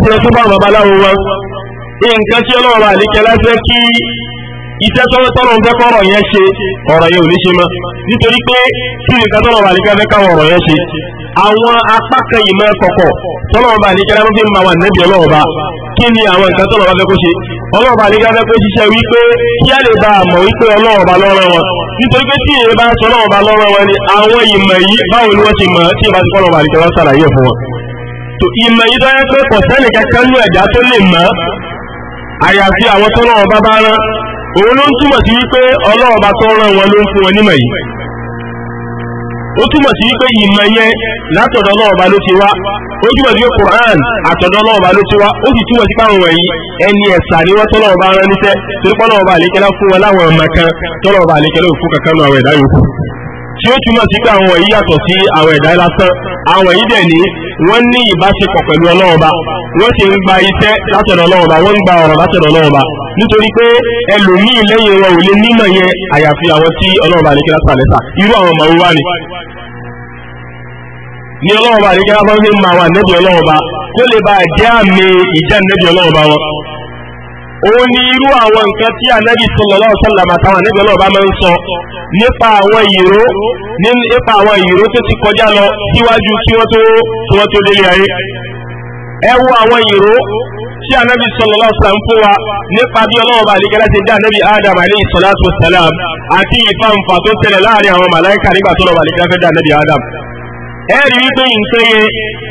tí ọlọ́run iṣẹ́ tọ́lọ́ tọ́lọ́ ń fẹ́ kọ́rọ̀ yẹn ṣe ọ̀rọ̀ yẹn ò ní ṣe mọ́ nítorí pé kí ni nǹkan tọ́lọ́ balẹ̀ kẹfẹ́ káwọn ọ̀rọ̀ yẹn ṣe àwọn apá kan ìmọ̀ ẹ̀kọ̀kọ̀ tọ́lọ́ balẹ̀ kẹfẹ́ ló fi ń ma wà nẹ́bí ọlọ́ọ̀ba kí ni àwọn nǹkan tọ́lọ́ bá fẹ́ kó ṣe ọlọ́ọ̀ba lè gbàgbé pé ṣiṣẹ́ wípé kí á lè bá a mọ̀ wípé ọlọ́ọ̀ba lọ́rọ̀ wọn nítorí pé tí èyí bá ń sọ ọlọ́ọ̀ba lọ́rọ̀ wọn ni àwọn ìmọ̀ yìí báwo ni wọ́n ti mọ̀ tí ìbá ti kọ́ ọlọ́ọ̀ba àlejò wọn ṣàlàyé fún wọn. tó ìmọ̀ yìí tó yẹ pé kò sẹ́nì kankan ní ẹ̀dá tó lè mọ̀ àyàfi àwọn tọ́lọ́ọ̀ba bá rán òun ló ń túmọ̀ sí wípé ọlọ́ọ̀bá tó rán wọn ló ń fún wọn nímọ̀ yìí ó túmọ̀ sí wípé ìmọ̀ yẹn látọ̀dọ̀ ọlọ́ọ̀bá ló ti wá ó túmọ̀ sí pé Quran àtọ̀dọ̀ ọlọ́ọ̀bá ló ti wá ó sì túmọ̀ sí pé wọ̀nyí ẹni ẹ̀sà ni wọ́n tọ́lọ́ọ̀bá rán níṣẹ́ torí fún wọn láwọn ọmọ kankan àwọn ẹ̀dá yòókù tí ó túmọ̀ sí pé àwọn yàtọ̀ sí àwọn ẹ̀dá lásán àwọn dẹ̀ ní wọ́n ní ìbáṣepọ̀ pẹ̀lú ọlọ́ọ̀ba wọ́n sì ń gba iṣẹ́ látọ̀dọ̀ nítorí pé ẹlòmíì lẹ́yìn wọn ò lè nímọ̀ yẹn àyàfi àwọn tí ọlọ́run bá ní kí lásán lẹ́sà irú àwọn ọmọ wa ni. ní ọlọ́run bá ní kí lásán fi ń ma wà nẹ́bí ọlọ́run bá kó lè bá jẹ́ àmì ìjà nẹ́bí ọlọ́run bá wọn. òun ni irú àwọn nǹkan tí ànábì sallallahu alaihi wasallam àtàwọn ànábì ọlọ́run bá máa ń sọ nípa àwọn ìró nípa àwọn ìró tó ti kọjá lọ síwájú kí wọ́n tó délé ayé ẹ wo àwọn ìró tí anabi sallallahu alaihi wasallam fún wa nípa bí ọlọ́wọ́ bá àlejò láti dá anabi adam aleyhi salatu wasalam àti ìfàǹfà tó tẹ̀lé láàrin àwọn màláìka nígbà tó lọ́wọ́ àlejò láti dá anabi adam ẹ̀rí wípé nǹkan yẹn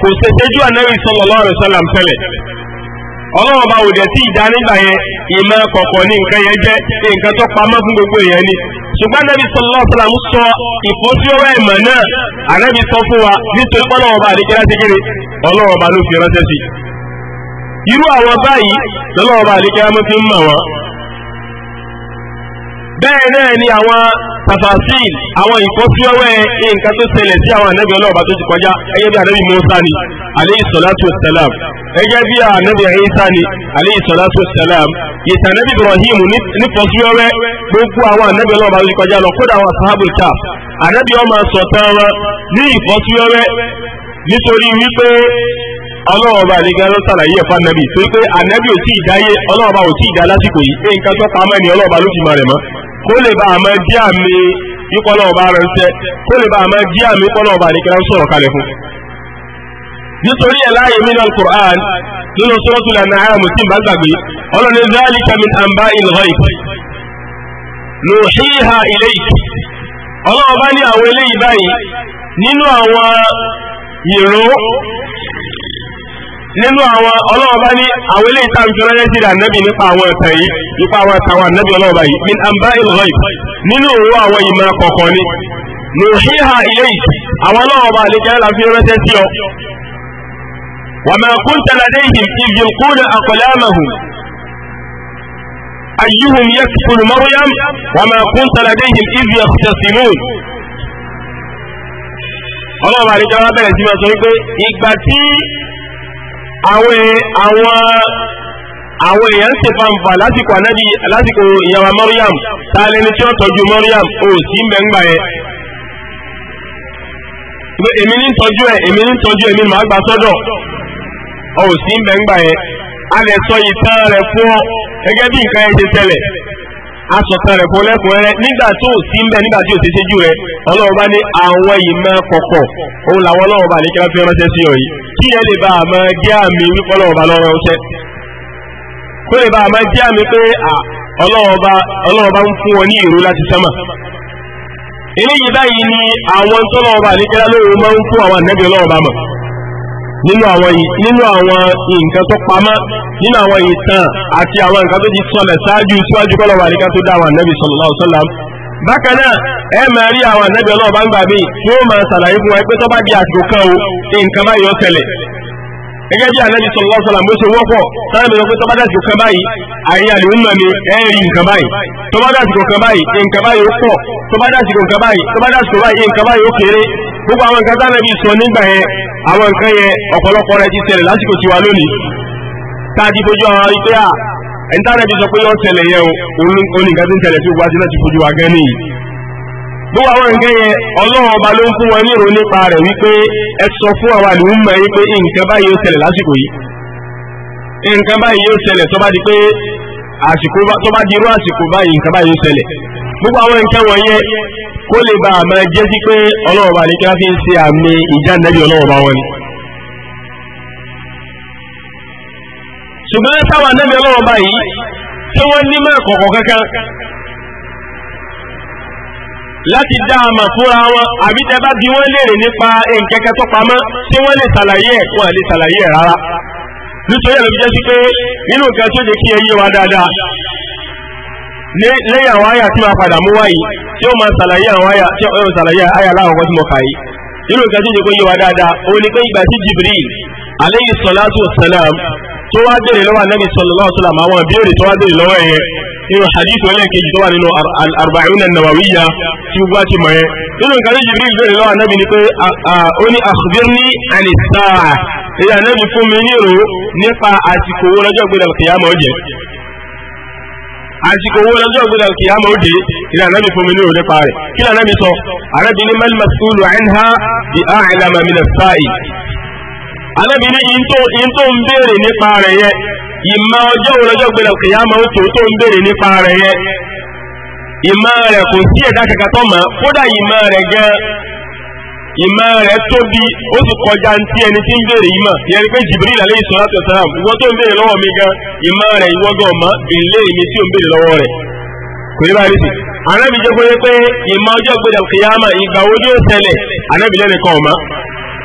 kò ṣẹṣẹ́jú anabi sallallahu alaihi wasallam tẹ́lẹ̀ ọlọ́wọ́ bá òde tí ìdá nígbà yẹn ìmọ̀ kọ̀kọ̀ ní nǹkan yẹn jẹ́ nǹkan tó pamọ́ fún gbogbo èèyàn ni ṣùgbọ́n anabi sallallahu alaihi wasallam sọ ìfọ́síwẹ́wẹ́ ìmọ̀ náà irú àwọn báyìí lọ́lọ́wọ́ bá lè kíyàmọ́ ti ń mọ̀ wọn bẹ́ẹ̀ náà ni àwọn tafasil àwọn ìkọ́síwẹ́wẹ́ nǹkan tó ṣẹlẹ̀ sí àwọn ànábì ọlọ́ọ̀bá tó ti kọjá ẹgẹ́ bí ànábì Musa ni alayhi salatu wassalam ẹgẹ́ bí ànábì Isa ni alayhi salatu wassalam ìtàn ànábì Ibrahim nífọ̀síwẹ́wẹ́ gbogbo àwọn ànábì ọlọ́ọ̀bá tó ti kọjá lọ kódà àwọn sahabul kaf ànábì ọmọ sọ̀tàn wọn ní ìfọ̀síwẹ́wẹ́ nítorí wípé ọlọ́run ọba àlejò ló ṣàlàyé ẹ̀fọ́ ànábì tó pé ànábì ò tí ì dáyé ọlọ́run ò tí ì dá lásìkò yìí pé nǹkan tó pamọ́ ẹni ọlọ́run ló fi rẹ̀ mọ́ kó lè bá àmọ́ dí rẹ̀ ń kó lè bá dí àmì ọba àlejò ló sọ̀rọ̀ kalẹ̀ fún. nítorí ẹ̀ láàyè mí náà nínú lànà nínú àwọn ọlọ́ọ̀bá ní àwọn ilé ìta ìjọba yẹn ti dà nẹ́bì nípa àwọn ẹ̀tàn yìí nípa àwọn ẹ̀tàn àwọn nẹ́bì ọlọ́ọ̀bá yìí min amba ilhoy nínú òwú àwọn ìmọ̀ kọ̀ọ̀kan ni nùhíhà ilé yìí àwọn ọlọ́ọ̀bá àlejò ẹ̀ láfi rẹ́sẹ̀ sí ọ. wàmẹ̀ tẹ̀lẹ́dẹ́ yìí ìdí ọlọ́ọ̀bá àlejò ẹ̀ bẹ̀rẹ̀ sí àwọn e, àwọn àwọn èèyàn ṣe fanfa lásìkò ànábì lásìkò ìyàwó Maryam ta lẹni tí ó tọ́jú Maryam ò sí ń bẹ̀ ń gbà yẹn pé èmi ní tọ́jú ẹ̀ èmi ní tọ́jú èmi màá gbà sọ́dọ̀ ò sí ń bẹ̀ ń gbà yẹn a lè sọ ìtàn rẹ̀ fún ọ gẹ́gẹ́ bí nǹkan ẹ̀ ṣe ṣẹlẹ̀ asọ̀tàn rẹ̀ fún lẹ́kùnrẹ́rẹ́ nígbà tó ò sí ń bẹ̀ nígbà tí ò ṣeṣe jù rẹ̀ ọlọ́run bá ní àwọn ìmọ̀ kọ̀kọ̀ òun làwọn ọlọ́run bá nìkan fi ránṣẹ́ sí ọ yìí kí ẹ lè bá a máa jẹ́ àmì wípé ọlọ́run bá lọ́rọ̀ ọṣẹ́ kó lè bá a máa jẹ́ àmì pé ọlọ́run bá ń fún ọ ní ìró láti sánmà eléyìí báyìí ni àwọn tọ́lọ́run bá nìkan lóore máa ń fún nínú àwọn nínú àwọn nǹkan tó pamọ́ nínú àwọn ìtàn àti àwọn nǹkan tó ti sọlẹ̀ ṣáájú síwájú kọ́ lọ́wọ́ àríkà tó dá àwọn ànábì sallallahu alaihi wasallam bákan náà ẹ máa rí àwọn ànábì ọlọ́ọ̀bá ń gbà mí tí ó máa ṣàlàyé fún wa pé tó bá di àsìkò kan o nǹkan báyìí ó ṣẹlẹ̀ gẹ́gẹ́ bí Ànábì sallallahu alaihi wasallam bó ṣe wọ́pọ̀ sáyẹn lọ pé tọ́ba dàsìkò kan báyìí àyè àlùmọ̀ mi ẹ̀ ń rí nǹkan báyìí tọ́ba dàsìkò kan báyìí nǹkan báyìí ó pọ̀ tọ́ba dàsìkò kan báyìí tọ́ba dàsìkò báyìí nǹkan báyìí ó kéré gbogbo àwọn nǹkan táwọn ẹbí sọ nígbà yẹn àwọn nǹkan yẹn ọ̀pọ̀lọpọ̀ rẹ̀ ti ṣẹlẹ̀ lásìkò tí wà lónìí tá a ti fojú àwọn gbogbo àwọn nǹkan yẹn ọlọ́run ọba ló ń fún wọn nírò nípa rẹ̀ wípé ẹ sọ fún àwọn àlùmọ̀ yìí pé nǹkan báyìí ó ṣẹlẹ̀ lásìkò yìí nǹkan báyìí ó ṣẹlẹ̀ tó bá di pé àsìkò tó bá di irú àsìkò báyìí nǹkan báyìí ó ṣẹlẹ̀ gbogbo àwọn nǹkan wọ̀nyẹn kó lè bá àmọ́ jẹ́ sí pé ọlọ́run ọba nìkan fi ń ṣe àmì ìjà nẹ́bí ọlọ́run ọba wọn ni. ṣùgbọ́n táwọn nẹ́bí ọlọ́run ọba yìí láti dá àmà fúnra wọn àbí tẹ bá bí wọ́n léèrè nípa nkẹ́kẹ́ tó pamọ́ tí wọ́n lè ṣàlàyé ẹ̀ wọ́n lè ṣàlàyé ẹ̀ rárá nítorí ẹ̀rọ jẹ́ sí pé nínú nǹkan tó jẹ́ kí ẹ yé wa dáadáa lẹ́yìn àwọn àyà tí wọ́n padà mú wáyé tí ó máa ṣàlàyé àwọn àyà tí ó ṣàlàyé àyà láwọn tí mo kà yìí nínú nǹkan tó jẹ́ kó yé wa dáadáa òun ni pé ìgbà tí Jibril alayhi nínú hadith ẹlẹ́ẹ̀kejì tó wà nínú al-arba'una an-nawawiyya tí wá ti mọ̀ yẹn nínú nǹkan tí jibril bẹ̀rẹ̀ lọ́wọ́ anábì ni pé ó ní akhbirni ani sáà èyí anábì fún mi ní èrò nípa àsìkò owó lọ́jọ́ gbé al-qiyamah jẹ́ àsìkò owó lọ́jọ́ gbé al-qiyamah dé èyí anábì fún mi ní èrò nípa rẹ̀ kí ni anábì sọ anábì mal mas'ulu anha bi a'lama min as-sa'i anábì ní ìntó ń béèrè nípa rẹ̀ yẹn ìmọ̀ ọjọ́ òlọ́jọ́ gbẹ̀rẹ̀ kìyàmà ó tó tó ń béèrè nípa rẹ̀ yẹn ìmọ̀ rẹ̀ kò sí ẹ̀dá kankan tó mọ̀ kódà ìmọ̀ rẹ̀ gan ìmọ̀ rẹ̀ tóbi ó sì kọjá tí ẹni tí ń béèrè yìí mọ̀ yẹn ni pé Jibril alayhi salatu wassalam ìwọ tó ń béèrè lọ́wọ́ mi gan ìmọ̀ rẹ̀ ìwọ gan mọ̀ ilé mi tí ò ń béèrè lọ́wọ́ rẹ̀ kò ní báyìí sí. anábìjẹ́ pé ìmọ̀ ọjọ́ gbẹ̀rẹ̀ kìyàmà ìgbà wo ni ó ṣẹlẹ̀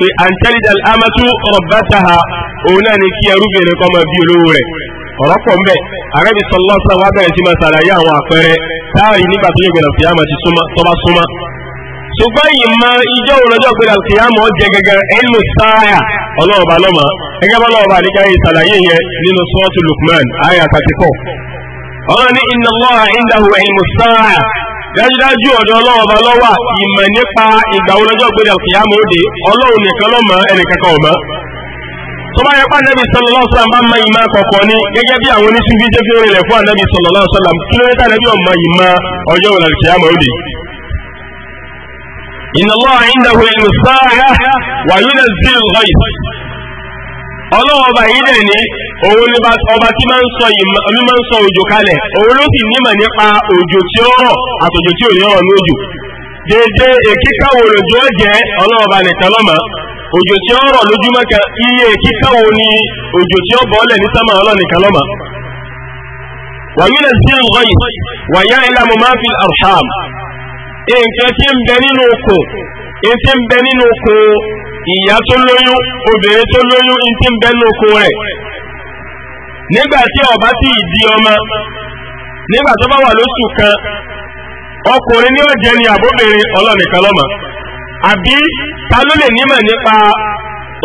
pé antelidal amatu rabbataha òun náà ni kí ẹrúbìnrin kọ́ máa bí olówó rẹ̀ ọ̀rọ̀ pọ̀ mbẹ́ Ànábì sallallahu alaihi wasallam wá bẹ̀rẹ̀ sí máa ṣàlàyé àwọn àpẹẹrẹ táàrí nígbà tó yẹ gbẹ̀rẹ̀ fìyàmà ti tọ́ba súnmọ́ ṣùgbọ́n yìí mọ ijó òròjọ́ pé alkiyama jẹ gẹ́gẹ́ ẹnu sáyà ọlọ́ọ̀bà lọ́mọ ẹgẹ́ bá lọ́ọ̀bà ní káyé ìsàlàyé yẹn nínú sọ́ọ̀tù Luqman aya 34 ọlọ́ni inna Allaha indahu ilmu sáyà dájúdájú ọ̀dọ̀ ọlọ́run ọba lọ́wà ìmọ̀ nípa ìgbà wo lọ́jọ́ gbé àkìyàmọ́ òde ọlọ́run nìkan ló mọ̀ ẹnìkankan ò mọ̀ tó bá yẹ pa anabi sallallahu bá ma ìmọ̀ kọ̀ọ̀kan ni gẹ́gẹ́ bí àwọn oníṣubí jẹ́ fi ń rìnlẹ̀ fún anabi sallallahu alaihi kí ló dé tàbí ọmọ ìmọ̀ ọjọ́ òun àkìyàmọ́ òde. inna Allaha ọlọ́run ọba yìí dẹ̀ ní òun ni ọba tí máa ń sọ ìmọ̀ máa ń sọ òjò kalẹ̀ òun ló sì nímọ̀ nípa òjò tí ó rọ̀ àtòjò tí ò ní rọ̀ lójò dédé èkíkà wo lòjò jẹ́ ọlọ́run ọba nìkan lọ́mọ òjò tí ó rọ̀ lójúmọ́ kan iye èkíkà wo ni òjò tí ó bọ́ọ̀lẹ̀ ní sámà ọlọ́run nìkan lọ́mọ. wàyúlẹ̀ sí ọ̀gọ́ yìí wàyá ìlàmù ntí ń bẹ nínú okun ìyá tó lóyún obìnrin tó lóyún ntí ń bẹ nínú okun rẹ. nígbà tí ọba ti di ọmọ nígbà tó bá wà lóṣù kan ọkùnrin ní ọjẹ ni àbóbìnrin ọlọ́nìkan lọ́mọ àbí ta ló lè nímọ̀ nípa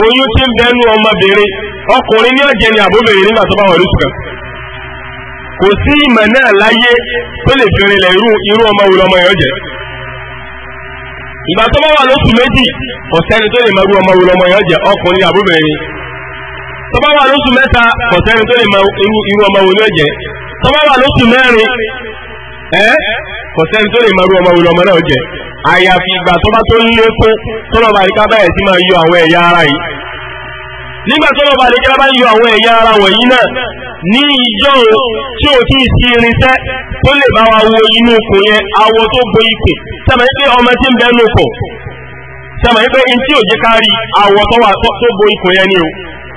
oyún tí ń bẹ nínú ọmọbìnrin ọkùnrin ní ọjẹ ni àbóbìnrin nígbà tó bá wà lóṣù kan kò sí ìmọ̀ náà láyé tó lè fi rinlẹ̀ irú ọmọ wo lọmọ yẹn jẹ́. ìgbà tó bá wà lóṣù méjì ọ̀sẹ́ni tó lè mọ̀rú ọmọ ìrọmọ yẹn jẹ́ ọkùnrin àbúbìnrin tó bá wà lóṣù mẹ́ta ọ̀sẹ́ni tó lè mọ irú ọmọ wo ló jẹ́ tó bá wà lóṣù mẹ́rin ẹ́ ọ̀sẹ́ni tó lè mọ̀rú ọmọ ìrọmọ náà jẹ́ àyàfi ìgbà tó bá tó lékún tó lọ́ba àríkà báyẹ̀ sí máa yọ àwọn ẹ̀yà ara yìí Nigba tó lọ́ba àlejò bá ń yọ àwọn ẹ̀yà ara wọ̀nyí náà ní si o tí ò tí ì sí irinṣẹ́ tó lè bá wa wo awọ tó bo ìpè sẹ́mi pé ọmọ tí ń bẹ nù kọ̀ pé tí ò jẹ́ bo ni o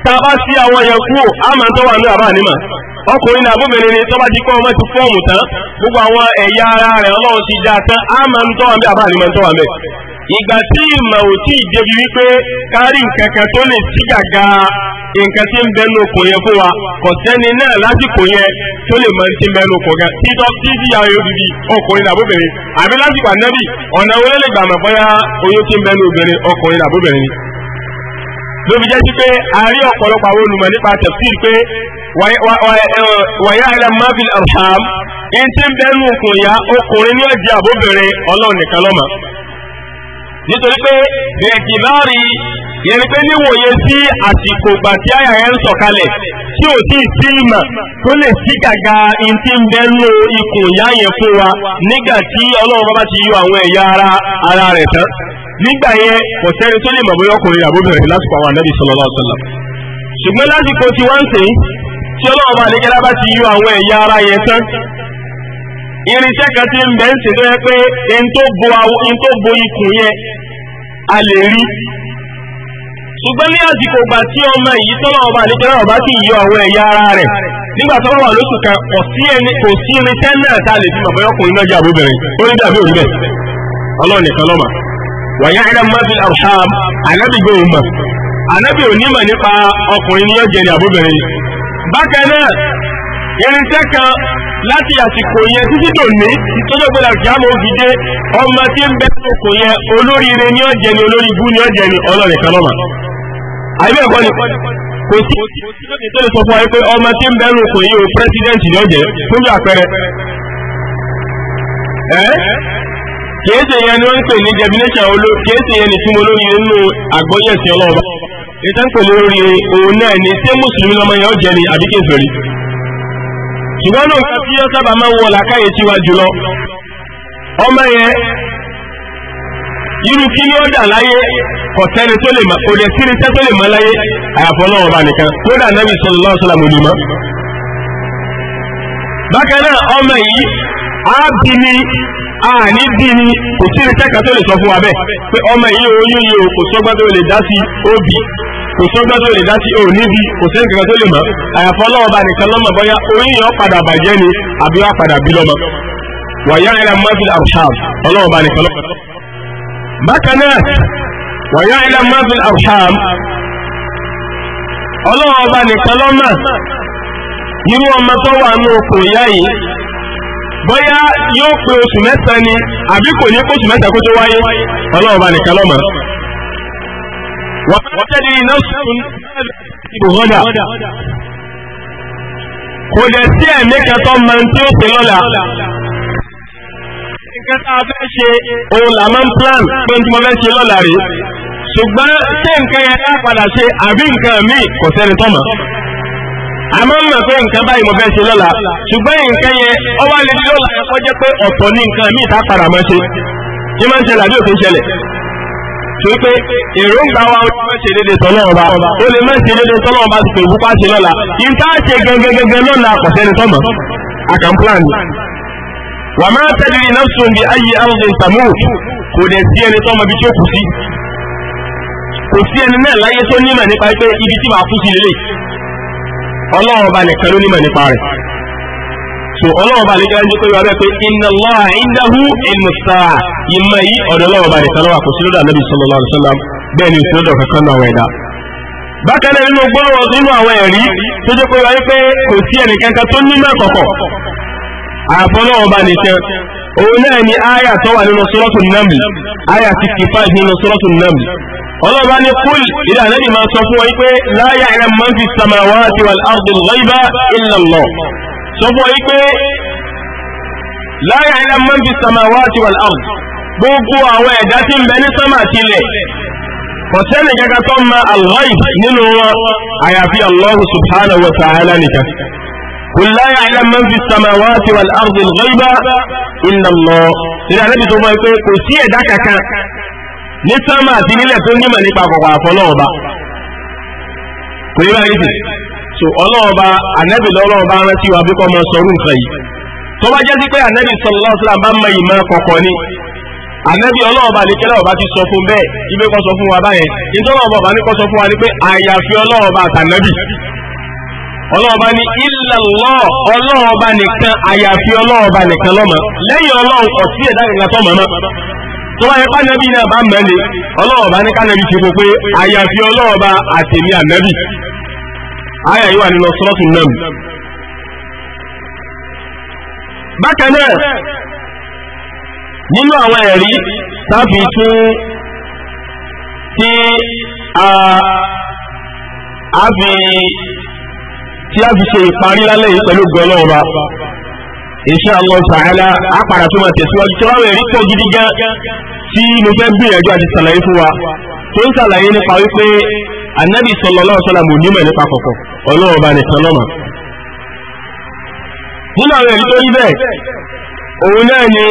tá a bá sí àwọn yẹn kú o àmọ́ tó wà ní àbá nímọ̀ ọkùnrin náà bóbìnrin ni tó bá ti kọ́ ọmọ ti gbogbo àwọn ẹ̀yà ara rẹ̀ ọlọ́run ti tán wà àbá ìgbà tí ìmọ̀ ò tí ì débi wípé kárí nǹkan kan tó lè sí gàga nǹkan tí ń bẹnu okò yẹn fún wa kò sẹ́ni náà lásìkò yẹn tó lè mọ ti bẹnu okò gan títọ́ tí oyún ọkùnrin àbí lásìkò ọ̀nà wọlé lè bóyá oyún ti ń bẹnu obìnrin ọkùnrin làbóbìnrin lóbi jẹ́ sí pé a rí ọ̀pọ̀lọpọ̀ àwọn olùmọ̀ nípa tafsir pé wàyà ń nítorí pé bẹ̀ẹ̀kì láàrí yẹni pé níwòye sí àsìkò ìgbà tí àyà yẹn ń sọ̀kalẹ̀ tí ò sí sí ìmọ̀ tó lè sí gàgà ìtì ń bẹ́nu ikùn ìyá yẹn fún wa nígbà tí ọlọ́run bá ti yọ àwọn ẹ̀yà ara ara rẹ̀ tán nígbà yẹn kò sẹ́ni tó lè mọ̀ bóyá ọkùnrin àbóbìnrin lásìkò àwọn anábì sallallahu alaihi ṣùgbọ́n lásìkò tí wọ́n ń sìn tí ọlọ́run bá lè irinṣẹ́ kan ti ń bẹ̀ ń sìn pé n tó bo a lè rí ṣùgbọ́n ní àsìkò ìgbà tí ọmọ yìí ọba àlejòrán ọba ti yọ àwọn ẹ̀yà ara rẹ̀ nígbà tó wà lóṣù kan kò sí irinṣẹ́ náà tá a lè fi ọkùnrin náà jẹ́ àbúbẹ̀rẹ̀ ó ní dàbí òun bẹ̀ lọ́mà irinṣẹ́ kan láti àsìkò yẹn títí dòní tọ́jọ́ gbọ́dọ̀ kí á mọ̀ ó fi dé ọmọ tí ń bẹ lóko yẹn olóríire ní ọ̀jẹ̀ ni olórí ibú ní ọ̀jẹ̀ ni ọlọ́rẹ̀ kan lọ́mà. àyẹ̀wò ẹ̀kọ́ ni kò sí lóde tó lè sọ fún wa pé ọmọ tí ń bẹ lóko yìí o pírẹsidẹ́ǹtì ní ọ̀jẹ̀ fún bí àpẹẹrẹ. ẹ kìí ṣe yẹn ni wọ́n ń pè ní definition olo kìí ṣe yẹn ni tí mo lórí nínú àgbọ́yẹ̀sìn ọlọ́ọ̀bá ìtàn pẹ̀lú orí òun náà ni ṣé mùsùlùmí lọ́mọ yẹn ọ̀jẹ̀ ni àbí kèfèrí ṣùgbọ́n náà nǹkan tí yóò sábà máa ń wọ làákàyè tiwa jùlọ ọmọ yẹn irú kí ni ó dà láyé kọ̀tẹ́ni tó lè mọ̀ kò dẹ̀ sírí tẹ́ tó lè mọ̀ láyé àyàfọ́ náà ọba nìkan kódà Nábì sallallahu alaihi wasallam mọ̀ lùmọ́. bákan náà ọmọ yìí á bí ni a bí ni kò sírí tẹ́ka tó lè sọ fún wa bẹ́ẹ̀ pé ọmọ yìí oyún yìí kò sọ́gbà tó lè dá sí ó kò sọ́gbọ́n tó lè dá sí òun níbi kò sẹ́ni kankan tó lè mọ̀ àyàfọ́ lọ́wọ́ bá nìkan lọ́mọ bóyá oyún yẹn padà bàjẹ́ ni àbí wàá padà bí lọ́mọ. wàyà ilẹ̀ mọ́fìlì arsham ọlọ́wọ́ bá nìkan lọ́mọ. bákan náà wàyà ilẹ̀ mọ́fìlì arsham ọlọ́wọ́ bá nìkan lọ́mọ. irú ọmọ tó wà ní okùn ìyá yìí bóyá yóò pé oṣù mẹ́ta ni àbí kò ní kóṣù mẹ́ta kó tó wáyé ọlọ́wọ́ bá nìkan lọ́mọ wọ́n tẹ́lẹ̀ ní nọ́ọ̀sùn ìbò họ́dà kò dẹ̀ sí ẹ̀mí kẹtọ́ máa ń tí ó pè lọ́la nǹkan tá a fẹ́ ṣe òun là máa ń plan pé tí mo fẹ́ ṣe lọ́la rèé ṣùgbọ́n ṣé nǹkan yẹn ká padà ṣe àbí nǹkan míì kò sẹ́ni tọ́mọ̀ àmọ́ mọ̀ pé nǹkan báyìí mo fẹ́ ṣe lọ́la ṣùgbọ́n nǹkan yẹn ó wá lè lọ́la ẹ̀kọ́ jẹ́ pé ọ̀tọ̀ ní nǹkan míì tá a padà máa ṣe kí máa ń ṣẹlẹ̀ àbí òfin ṣẹlẹ̀ tó pé èròǹgbà wa ó má ṣe déédéé tọ́lọ́ ọba ó lè má ṣe déédéé tọ́lọ́ ọba ti pè púpá ṣe lọ́la ìta ṣe gẹ́gẹ́gẹ́gẹ́ lọ́la àkọsẹ́ni tọ́mọ̀ àkànpláàni. wà máa tẹ́lẹ̀ iná sùn bí ayé arúgbó ìtàmú kò dẹ̀ sí ẹni tọ́mọ bí tí ó kù sí. kò sí ẹni náà láyé tó nímọ̀ nípa pé ibi tí màá kú sí lélẹ̀ ọlọ́run ọba nìkan ló nímọ̀ nípa rẹ̀ so ọlọ́wọ́ bá lẹ́jọ́ ẹjọ́ pẹ̀lú abẹ́ pé inna Allaha indahu ilmu sa'a ìmọ̀ yìí ọ̀dọ̀ ọlọ́wọ́ bá nìkan lọ́wọ́ kò sí lọ́dọ̀ Ànábì sallallahu alaihi wasallam bẹ́ẹ̀ ni ìṣòro dọ̀kan kan náà wẹ̀dá. bákan náà nínú gbọ́dọ̀ nínú àwọn ẹ̀rí tó jẹ́ pé wáyé pé kò sí ẹnìkankan tó nímọ̀ kọ̀kọ̀ àfọlọ́wọ́ bá nìkan òun náà ni aya tó wà nínú suratul Naml aya sixty five nínú suratul Naml ọlọ́ba ní kúl ilé ànábì máa sọ fún wa yí pé la ya'lamu man fi samawati wal ardi al-ghayba illa Allah sọ fún ọ yí pé láyé àìlá mọ́ fi samawati wal ard gbogbo àwọn ẹ̀dá tí ń bẹ ní sánmà tilẹ̀ kọ̀tẹ́nì kankan tó ma al-ghaib nínú wọn àyàfi Allahu subhanahu wa ta'ala nìkan qul la ya'lamu man fi samawati wal ardi al-ghayba illa Allah àlẹ́bí tó máa pé kò sí ẹ̀dá kankan ní sánmà àti nílẹ̀ tó nímọ̀ nípa àkọ́kọ́ àfọlọ́ọ̀ba kò ní báyìí so ọlọ́ọ̀ba ànábì lọ́lọ́ọ̀ba rántí wa bí kò mọ sọ̀rọ̀ nǹkan yìí tó bá jẹ́ sí pé ànábì sallallahu alaihi wasallam bá mọ ìmọ̀ kọ̀ọ̀kan ni ànábì ọlọ́ọ̀ba àlekẹ́lẹ́ ọba ti sọ fún bẹ́ẹ̀ ibẹ̀ kọ́ sọ fún wa báyẹn ìtọ́lọ́ọ̀ba ọba ní kọ́ sọ fún wa ni pé àyàfi ọlọ́ọ̀ba àtànábì ọlọ́ọ̀ba ní illallah ọlọ́ọ̀ba nìkan àyàfi ọlọ́ọ̀ba nìkan lọ́mọ lẹ́yìn ọlọ́run kò sí ẹ̀dá kankan tọ́mọ náà tó bá yẹ pé ànábì náà bá mọ̀ ẹ́ ni ọlọ́ọ̀ba ní kánábì ti kó pé àyàfi ọlọ́ọ̀ba àtèmi ànábì àyà yìí wà nínú sọ́ọ̀tù náà bákan náà nínú àwọn ẹ̀rí tàbí tún tí a fi tí a fi ṣe ìparí lálẹ́ yìí pẹ̀lú gbọ́nà ọba insha Allah ta'ala àpàrà tó máa tẹ̀síwájú tí wọ́n rí pọ̀ gidi gan tí mo fẹ́ gbìyànjú àti sàlàyé fún wa tó ń ṣàlàyé nípa wípé anabi sallallahu alaihi wasallam onímọ̀ nípa kọ̀kọ̀ ọlọ́run ọba nìkan lọ́mọ. nínú àwọn ẹ̀rí tó rí bẹ́ẹ̀ òun náà ni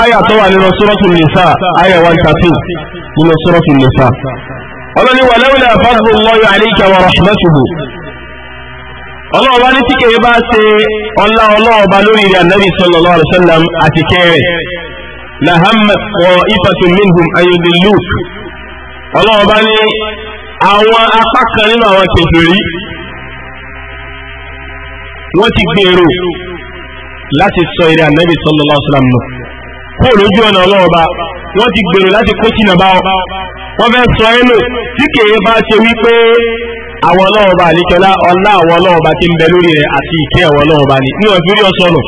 aya tó wà nínú suratul nisa aya one thirteen nínú suratul nisa. ọlọ́ni wà lawla fadlullahi alayka wa rahmatuhu. ọlọ́run wá ní tí bá ṣe ọlá ọlọ́run ọba lórí rẹ̀ anabi sallallahu alaihi wasallam àti kẹrẹ̀ ọlọ́run bá ní àwọn apá kan nínú àwọn kèfèrí wọ́n ti gbèrò láti sọ èrè ànábì sallallahu alaihi wasallam kó lójú ọ̀nà ọlọ́run bá wọ́n ti gbèrò láti kó sínú bá wọn wọ́n fẹ́ sọ ẹ́ lò tí kèé bá ṣe wípé àwọn ọlọ́run bá àlíkẹ́lá ọlá àwọn ọlọ́run bá ti ń bẹ lórí rẹ̀ àti ìkẹ́ àwọn ọlọ́run bá ní ní ọ̀fírí ọ̀sọ̀nù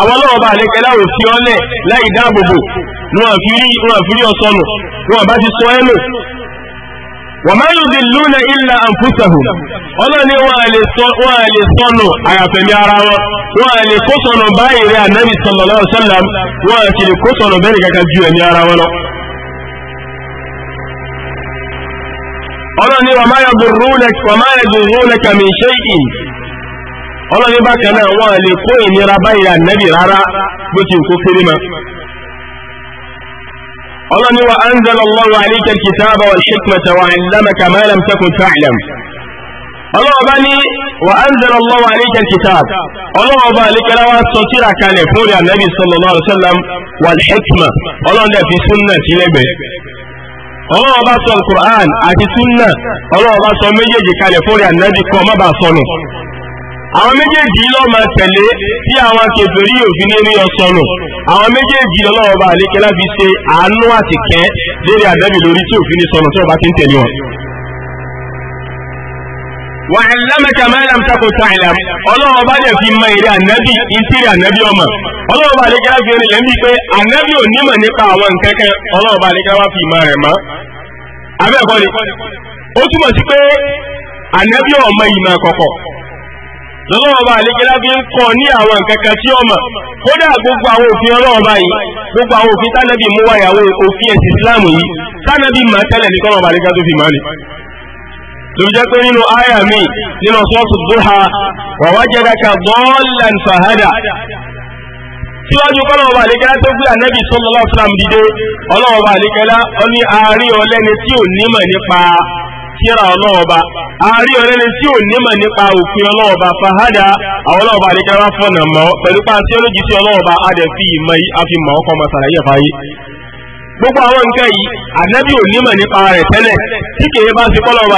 àwọn ọlọ́wọ́ bá àlékẹ́ láwọn fi ọ́lẹ̀ láì dáàbòbò wọn àfi rí ọ̀sọ́nù wọn bá ti sọ ẹ́lò wọ́n máa ń yóò di lúnà ilà àǹfùsàhù ọlọ́ni wọn à lè sọnù àyàfẹ̀mí ara wọn wọn à lè kó sọnù báyìí rẹ ànábì sallallahu alaihi wọn à sì lè kó sọnù bẹ́ẹ̀ kankan ju ẹ̀mí ara wọn lọ. ọlọ́ni wọ́n máa yọ ọlọ́ni bákan náà wọ́n lè kó ìnira báyìí ànẹ́bì rárá bó ti kó kéré ma ọlọ́ni wa anzala Allahu alayka al-kitaba wal-hikmata wa 'allamaka ma lam takun ta'lam ọlọ́ọ̀bá ní wa anzala Allahu alayka al-kitaba ọlọ́ọ̀bá àlékẹ́lá wa sọ tíra kalẹ̀ fún rẹ̀ ànẹ́bì sallallahu alayhi wa sallam wal fi súnnà sílẹ̀gbẹ̀ẹ́ ọlọ́wọ́ bá sọ alukur'an àti sunna ọlọ́wọ́ bá sọ méjèèjì kalẹ̀ fún rẹ̀ ànábì má bàa sọnù àwọn méjèèjì ló máa tẹ̀lé tí àwọn kèfèrí òfin ní ọsọnù àwọn méjèèjì lọ́wọ́ bá àlékẹ́ láti ṣe àánú àti kẹ́ lérí àdẹ́bì lórí tí òfin ní sọnù tí wọ́n bá ti ń tẹ̀lé wọn. وعلمك ما لم ọba dẹ̀ fi mọ èrè ànábì ìtìrì ànábì ọba rìn pé ò lọ́wọ́ ọba àlékelá fi ń kọ́ ní àwọn nǹkan kan tí ó mọ̀ kódà gbogbo àwọn òfin ọlọ́wọ́ báyìí gbogbo àwọn òfin tánàbí mú wáyà òfin ẹ̀sìn ìsìláàmù yìí tánàbí mà tẹ́lẹ̀ ní kọ́nà ọba àlékelá tó fi mà ní. lórí jẹ́ pé nínú àyà mi nínú sọ́ọ̀tù dúhà wa wajadaka dallan fahada síwájú kọ́nà ọba àlékelá tó gbé ànábì sallallahu alaihi wasallam dìde ọlọ́wọ́ ọba àlékelá ọ ní àárín ọlẹ́ni tí ò ní mọ̀ nípa kíra ọlọ́ọ̀ba àárí ọ̀rẹ́ ni tí ò nímọ̀ nípa òfin ọlọ́ọ̀ba fàhádà àwọn ọlọ́ọ̀ba àdékẹ́ wá fọ̀nà mọ́ pẹ̀lú pàṣẹ olójì sí ọlọ́ọ̀ba adẹ̀ fi ìmọ̀ yìí àfi mọ̀ ọkọ̀ ọmọ sàlàyé fàyè. gbogbo àwọn nǹkan yìí ànábì ò nímọ̀ nípa rẹ̀ tẹ́lẹ̀ tí kèé bá ti kọ́lọ́ọ̀ba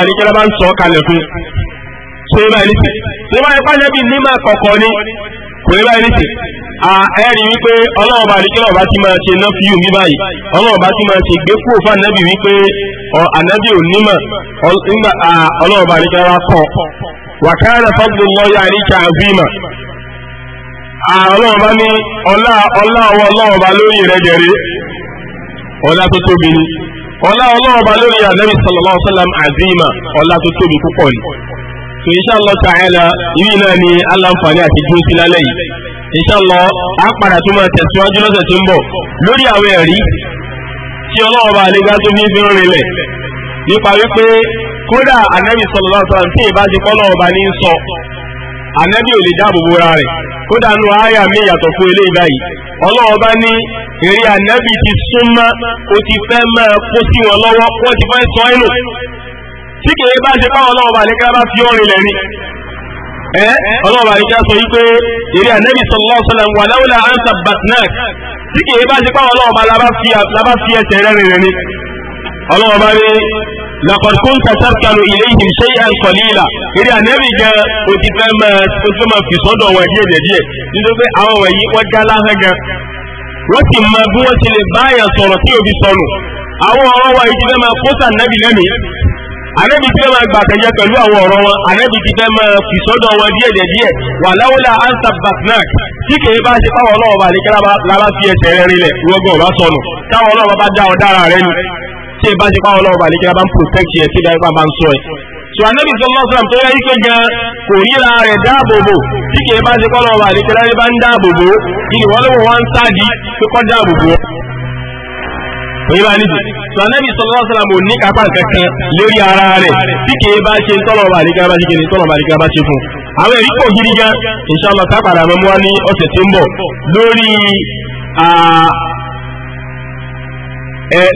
bá ń kò ní báyìí nìsí ẹ̀rí wípé ọlọ́run bá nìkí ọba ti máa ṣe ná fi yù mí báyìí ọlọ́run bá ti máa ṣe gbé kúrò fún ànábì wípé ànábì ò nímọ̀ nígbà ọlọ́run bá nìkí ọba kọ̀ wàkàrà fọ́gbọ̀n lọ́yà àríkà àbímọ̀ ọlọ́run bá ní ọlá ọlá ọwọ́ ọlọ́run bá lórí rẹ̀ jẹ̀rẹ̀ ọlá tó tóbi ni ọlá ọlọ́run bá lórí ànábì sallallahu alaihi so inshallah ta'ala ibi náà ni aláǹfààní àti dúró sí lálẹ́ yìí a padà tó máa tẹ̀síwájú lọ́sẹ̀ tó ń bọ̀ lórí àwọn ẹ̀rí tí ọlọ́ọ̀bà àlégá fi ń rinlẹ̀ nípa wípé kódà tí ìbá ti kọ́ ní sọ ànábì ò lè dáàbò bora rẹ̀ kódà nu àyà mi yàtọ̀ fún eléyìí báyìí ọlọ́ọ̀bá ní eré ànábì ti súnmọ́ ó ti sọ ẹ́ tí kìí bá ṣe báwọn ọlọ́wọ́ bá nìkan bá fi ọ̀rìn lẹ́ni. ẹ ọlọ́wọ́ bá nìkan sọ yìí pé eré ànábì sallallahu alaihi wasallam walaula an sabbatnak tí kìí bá ṣe báwọn ọlọ́wọ́ bá labá fi ẹsẹ̀ rẹ̀ rìn lẹ́ni. ọlọ́wọ́ bá ní laqad kunta tarkanu ilayhim shay'an qalila eré ànábì gan ojú fẹ́ máa fi sọ́dọ̀ wọn díẹ̀ díẹ̀ nítorí pé àwọn wọ̀nyí ànábì ti fẹ́ máa gbàtẹ̀jẹ pẹ̀lú àwọn ọ̀rọ̀ wọn ànábì ti fẹ́ máa fi sọ́dọ̀ wọn díẹ̀ díẹ̀ díẹ̀ wà láwùlà ansa batnak tí kìí bá ṣe fáwọn ọlọ́wọ́ bá nìkan lábá fi ẹsẹ̀ rẹ rinlẹ̀ rọgbọ̀n ọba sọnù táwọn ọlọ́wọ́ bá dá ọ̀dára rẹ ni tí ìbá ṣe fáwọn ọlọ́wọ́ bá nìkan bá ń protect yẹ tí ìdáyẹ̀pá máa ń sọ ẹ̀. sọ ànábì sọlọ́ sọlọ́m tó yẹ ike gan kò ríra rẹ̀ dáàbòbò tí kìí bá ṣe fáwọn ọlọ́wọ́ bá nìkan lábá ń dáàbòbò ìdíwọ́lọ́wọ́ wọn ń sáàdì kíkọ́ dáàbòbò òye bá níbi tó anábì sallallahu alaihi wasallam ní kápá kankan lórí ara rẹ̀ tí kìí bá ṣe tọ́lọ̀ bá àdìgá bá ṣe kìíní tọ́lọ̀ bá àdìgá bá ṣe fún àwọn èrí pọ̀ gidi gan inshallah tápàdà mẹ́mú wá ní ọ̀sẹ̀ tí ń bọ̀ lórí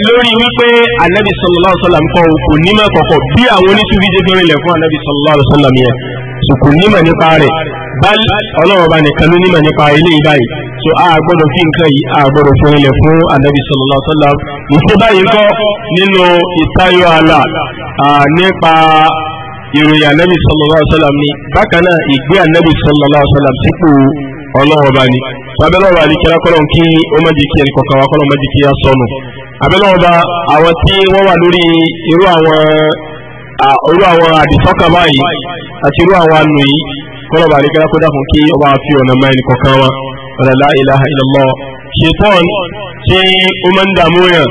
lórí wípé anabi sallallahu alaihi wasallam kọ kò nímọ̀ kọ̀kọ̀ bí àwọn oníṣúbí jẹ́ fẹ́rẹ̀ lẹ̀ fún anabi sallallahu alaihi wasallam yẹn kò nímọ̀ nípa rẹ̀ bal ọlọ́run ọba nìkan ló nímọ̀ nípa ilé ìbáyìí so a gbọ́dọ̀ fi nǹkan yìí a gbọ́dọ̀ fún ilẹ̀ fún anabi sallallahu alaihi wasallam ìṣe báyìí kọ́ nínú ìtayọ àlà nípa ìròyìn anabi sallallahu alaihi wasallam ni bákan náà ìgbé anabi sallallahu alaihi wasallam sípò ọlọ́run ọba ni abẹ́lẹ́ ọba àdìkẹ́lá kọ́lọ́n kí ó má jẹ́ kí ẹnì kọ̀ọ̀kan wa kọ́lọ́n má jẹ́ kí á sọnù abẹ́lẹ́ ọba àwọn tí wọ́n wà lórí irú àwọn irú àwọn àdìsọ́kà báyìí àti irú àwọn ànú yìí kọ́lọ́bà àríkẹ́lá kó dákun kí ọba fi ọ̀nà máa ẹni kọ̀ọ̀kan wa ọ̀rọ̀ la ilaha illallah ṣetán tí ó máa ń dààmú yàn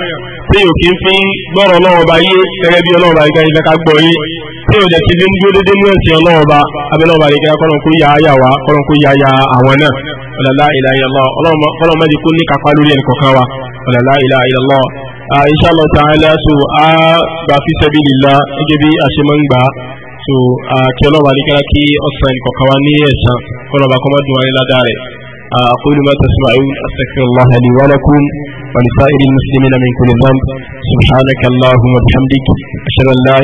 tí yóò kí n fi gbọ́rọ̀ ọlọ́wọ́ bá yé gẹ́gẹ́ bí ọlọ́wọ́ bá yé gẹ́gẹ́ ká gbọ́ yé tí yóò jẹ́ kí lé ń dúró dédé mú ẹ̀sìn ọlọ́wọ́ bá abẹ́lọ́wọ́ bá yé gẹ́gẹ́ kọ́lọ́n kó yá yà wá kọ́lọ́n kó yá yà àwọn náà ọ̀rọ̀ la ilaha illallah ọlọ́wọ́ mẹ́jì kó ní kápá lórí ẹnì kọ̀ọ̀kan wa ọ̀rọ̀ la ilaha illallah inshallah ta'ala so a gbà fi sabilillah gẹ́gẹ́ bí a ṣe máa ń so kí ọlọ́wà ní kára kí ọ̀sán ìkọ̀kan wa ní ẹ̀sán kọlọ́wà kọ́ mọ́ dùn wáyé ládàá rẹ̀ أقول ما تسمعون أستغفر الله لي ولكم ولسائر المسلمين من كل ذنب سبحانك اللهم وبحمدك أشهد أن لا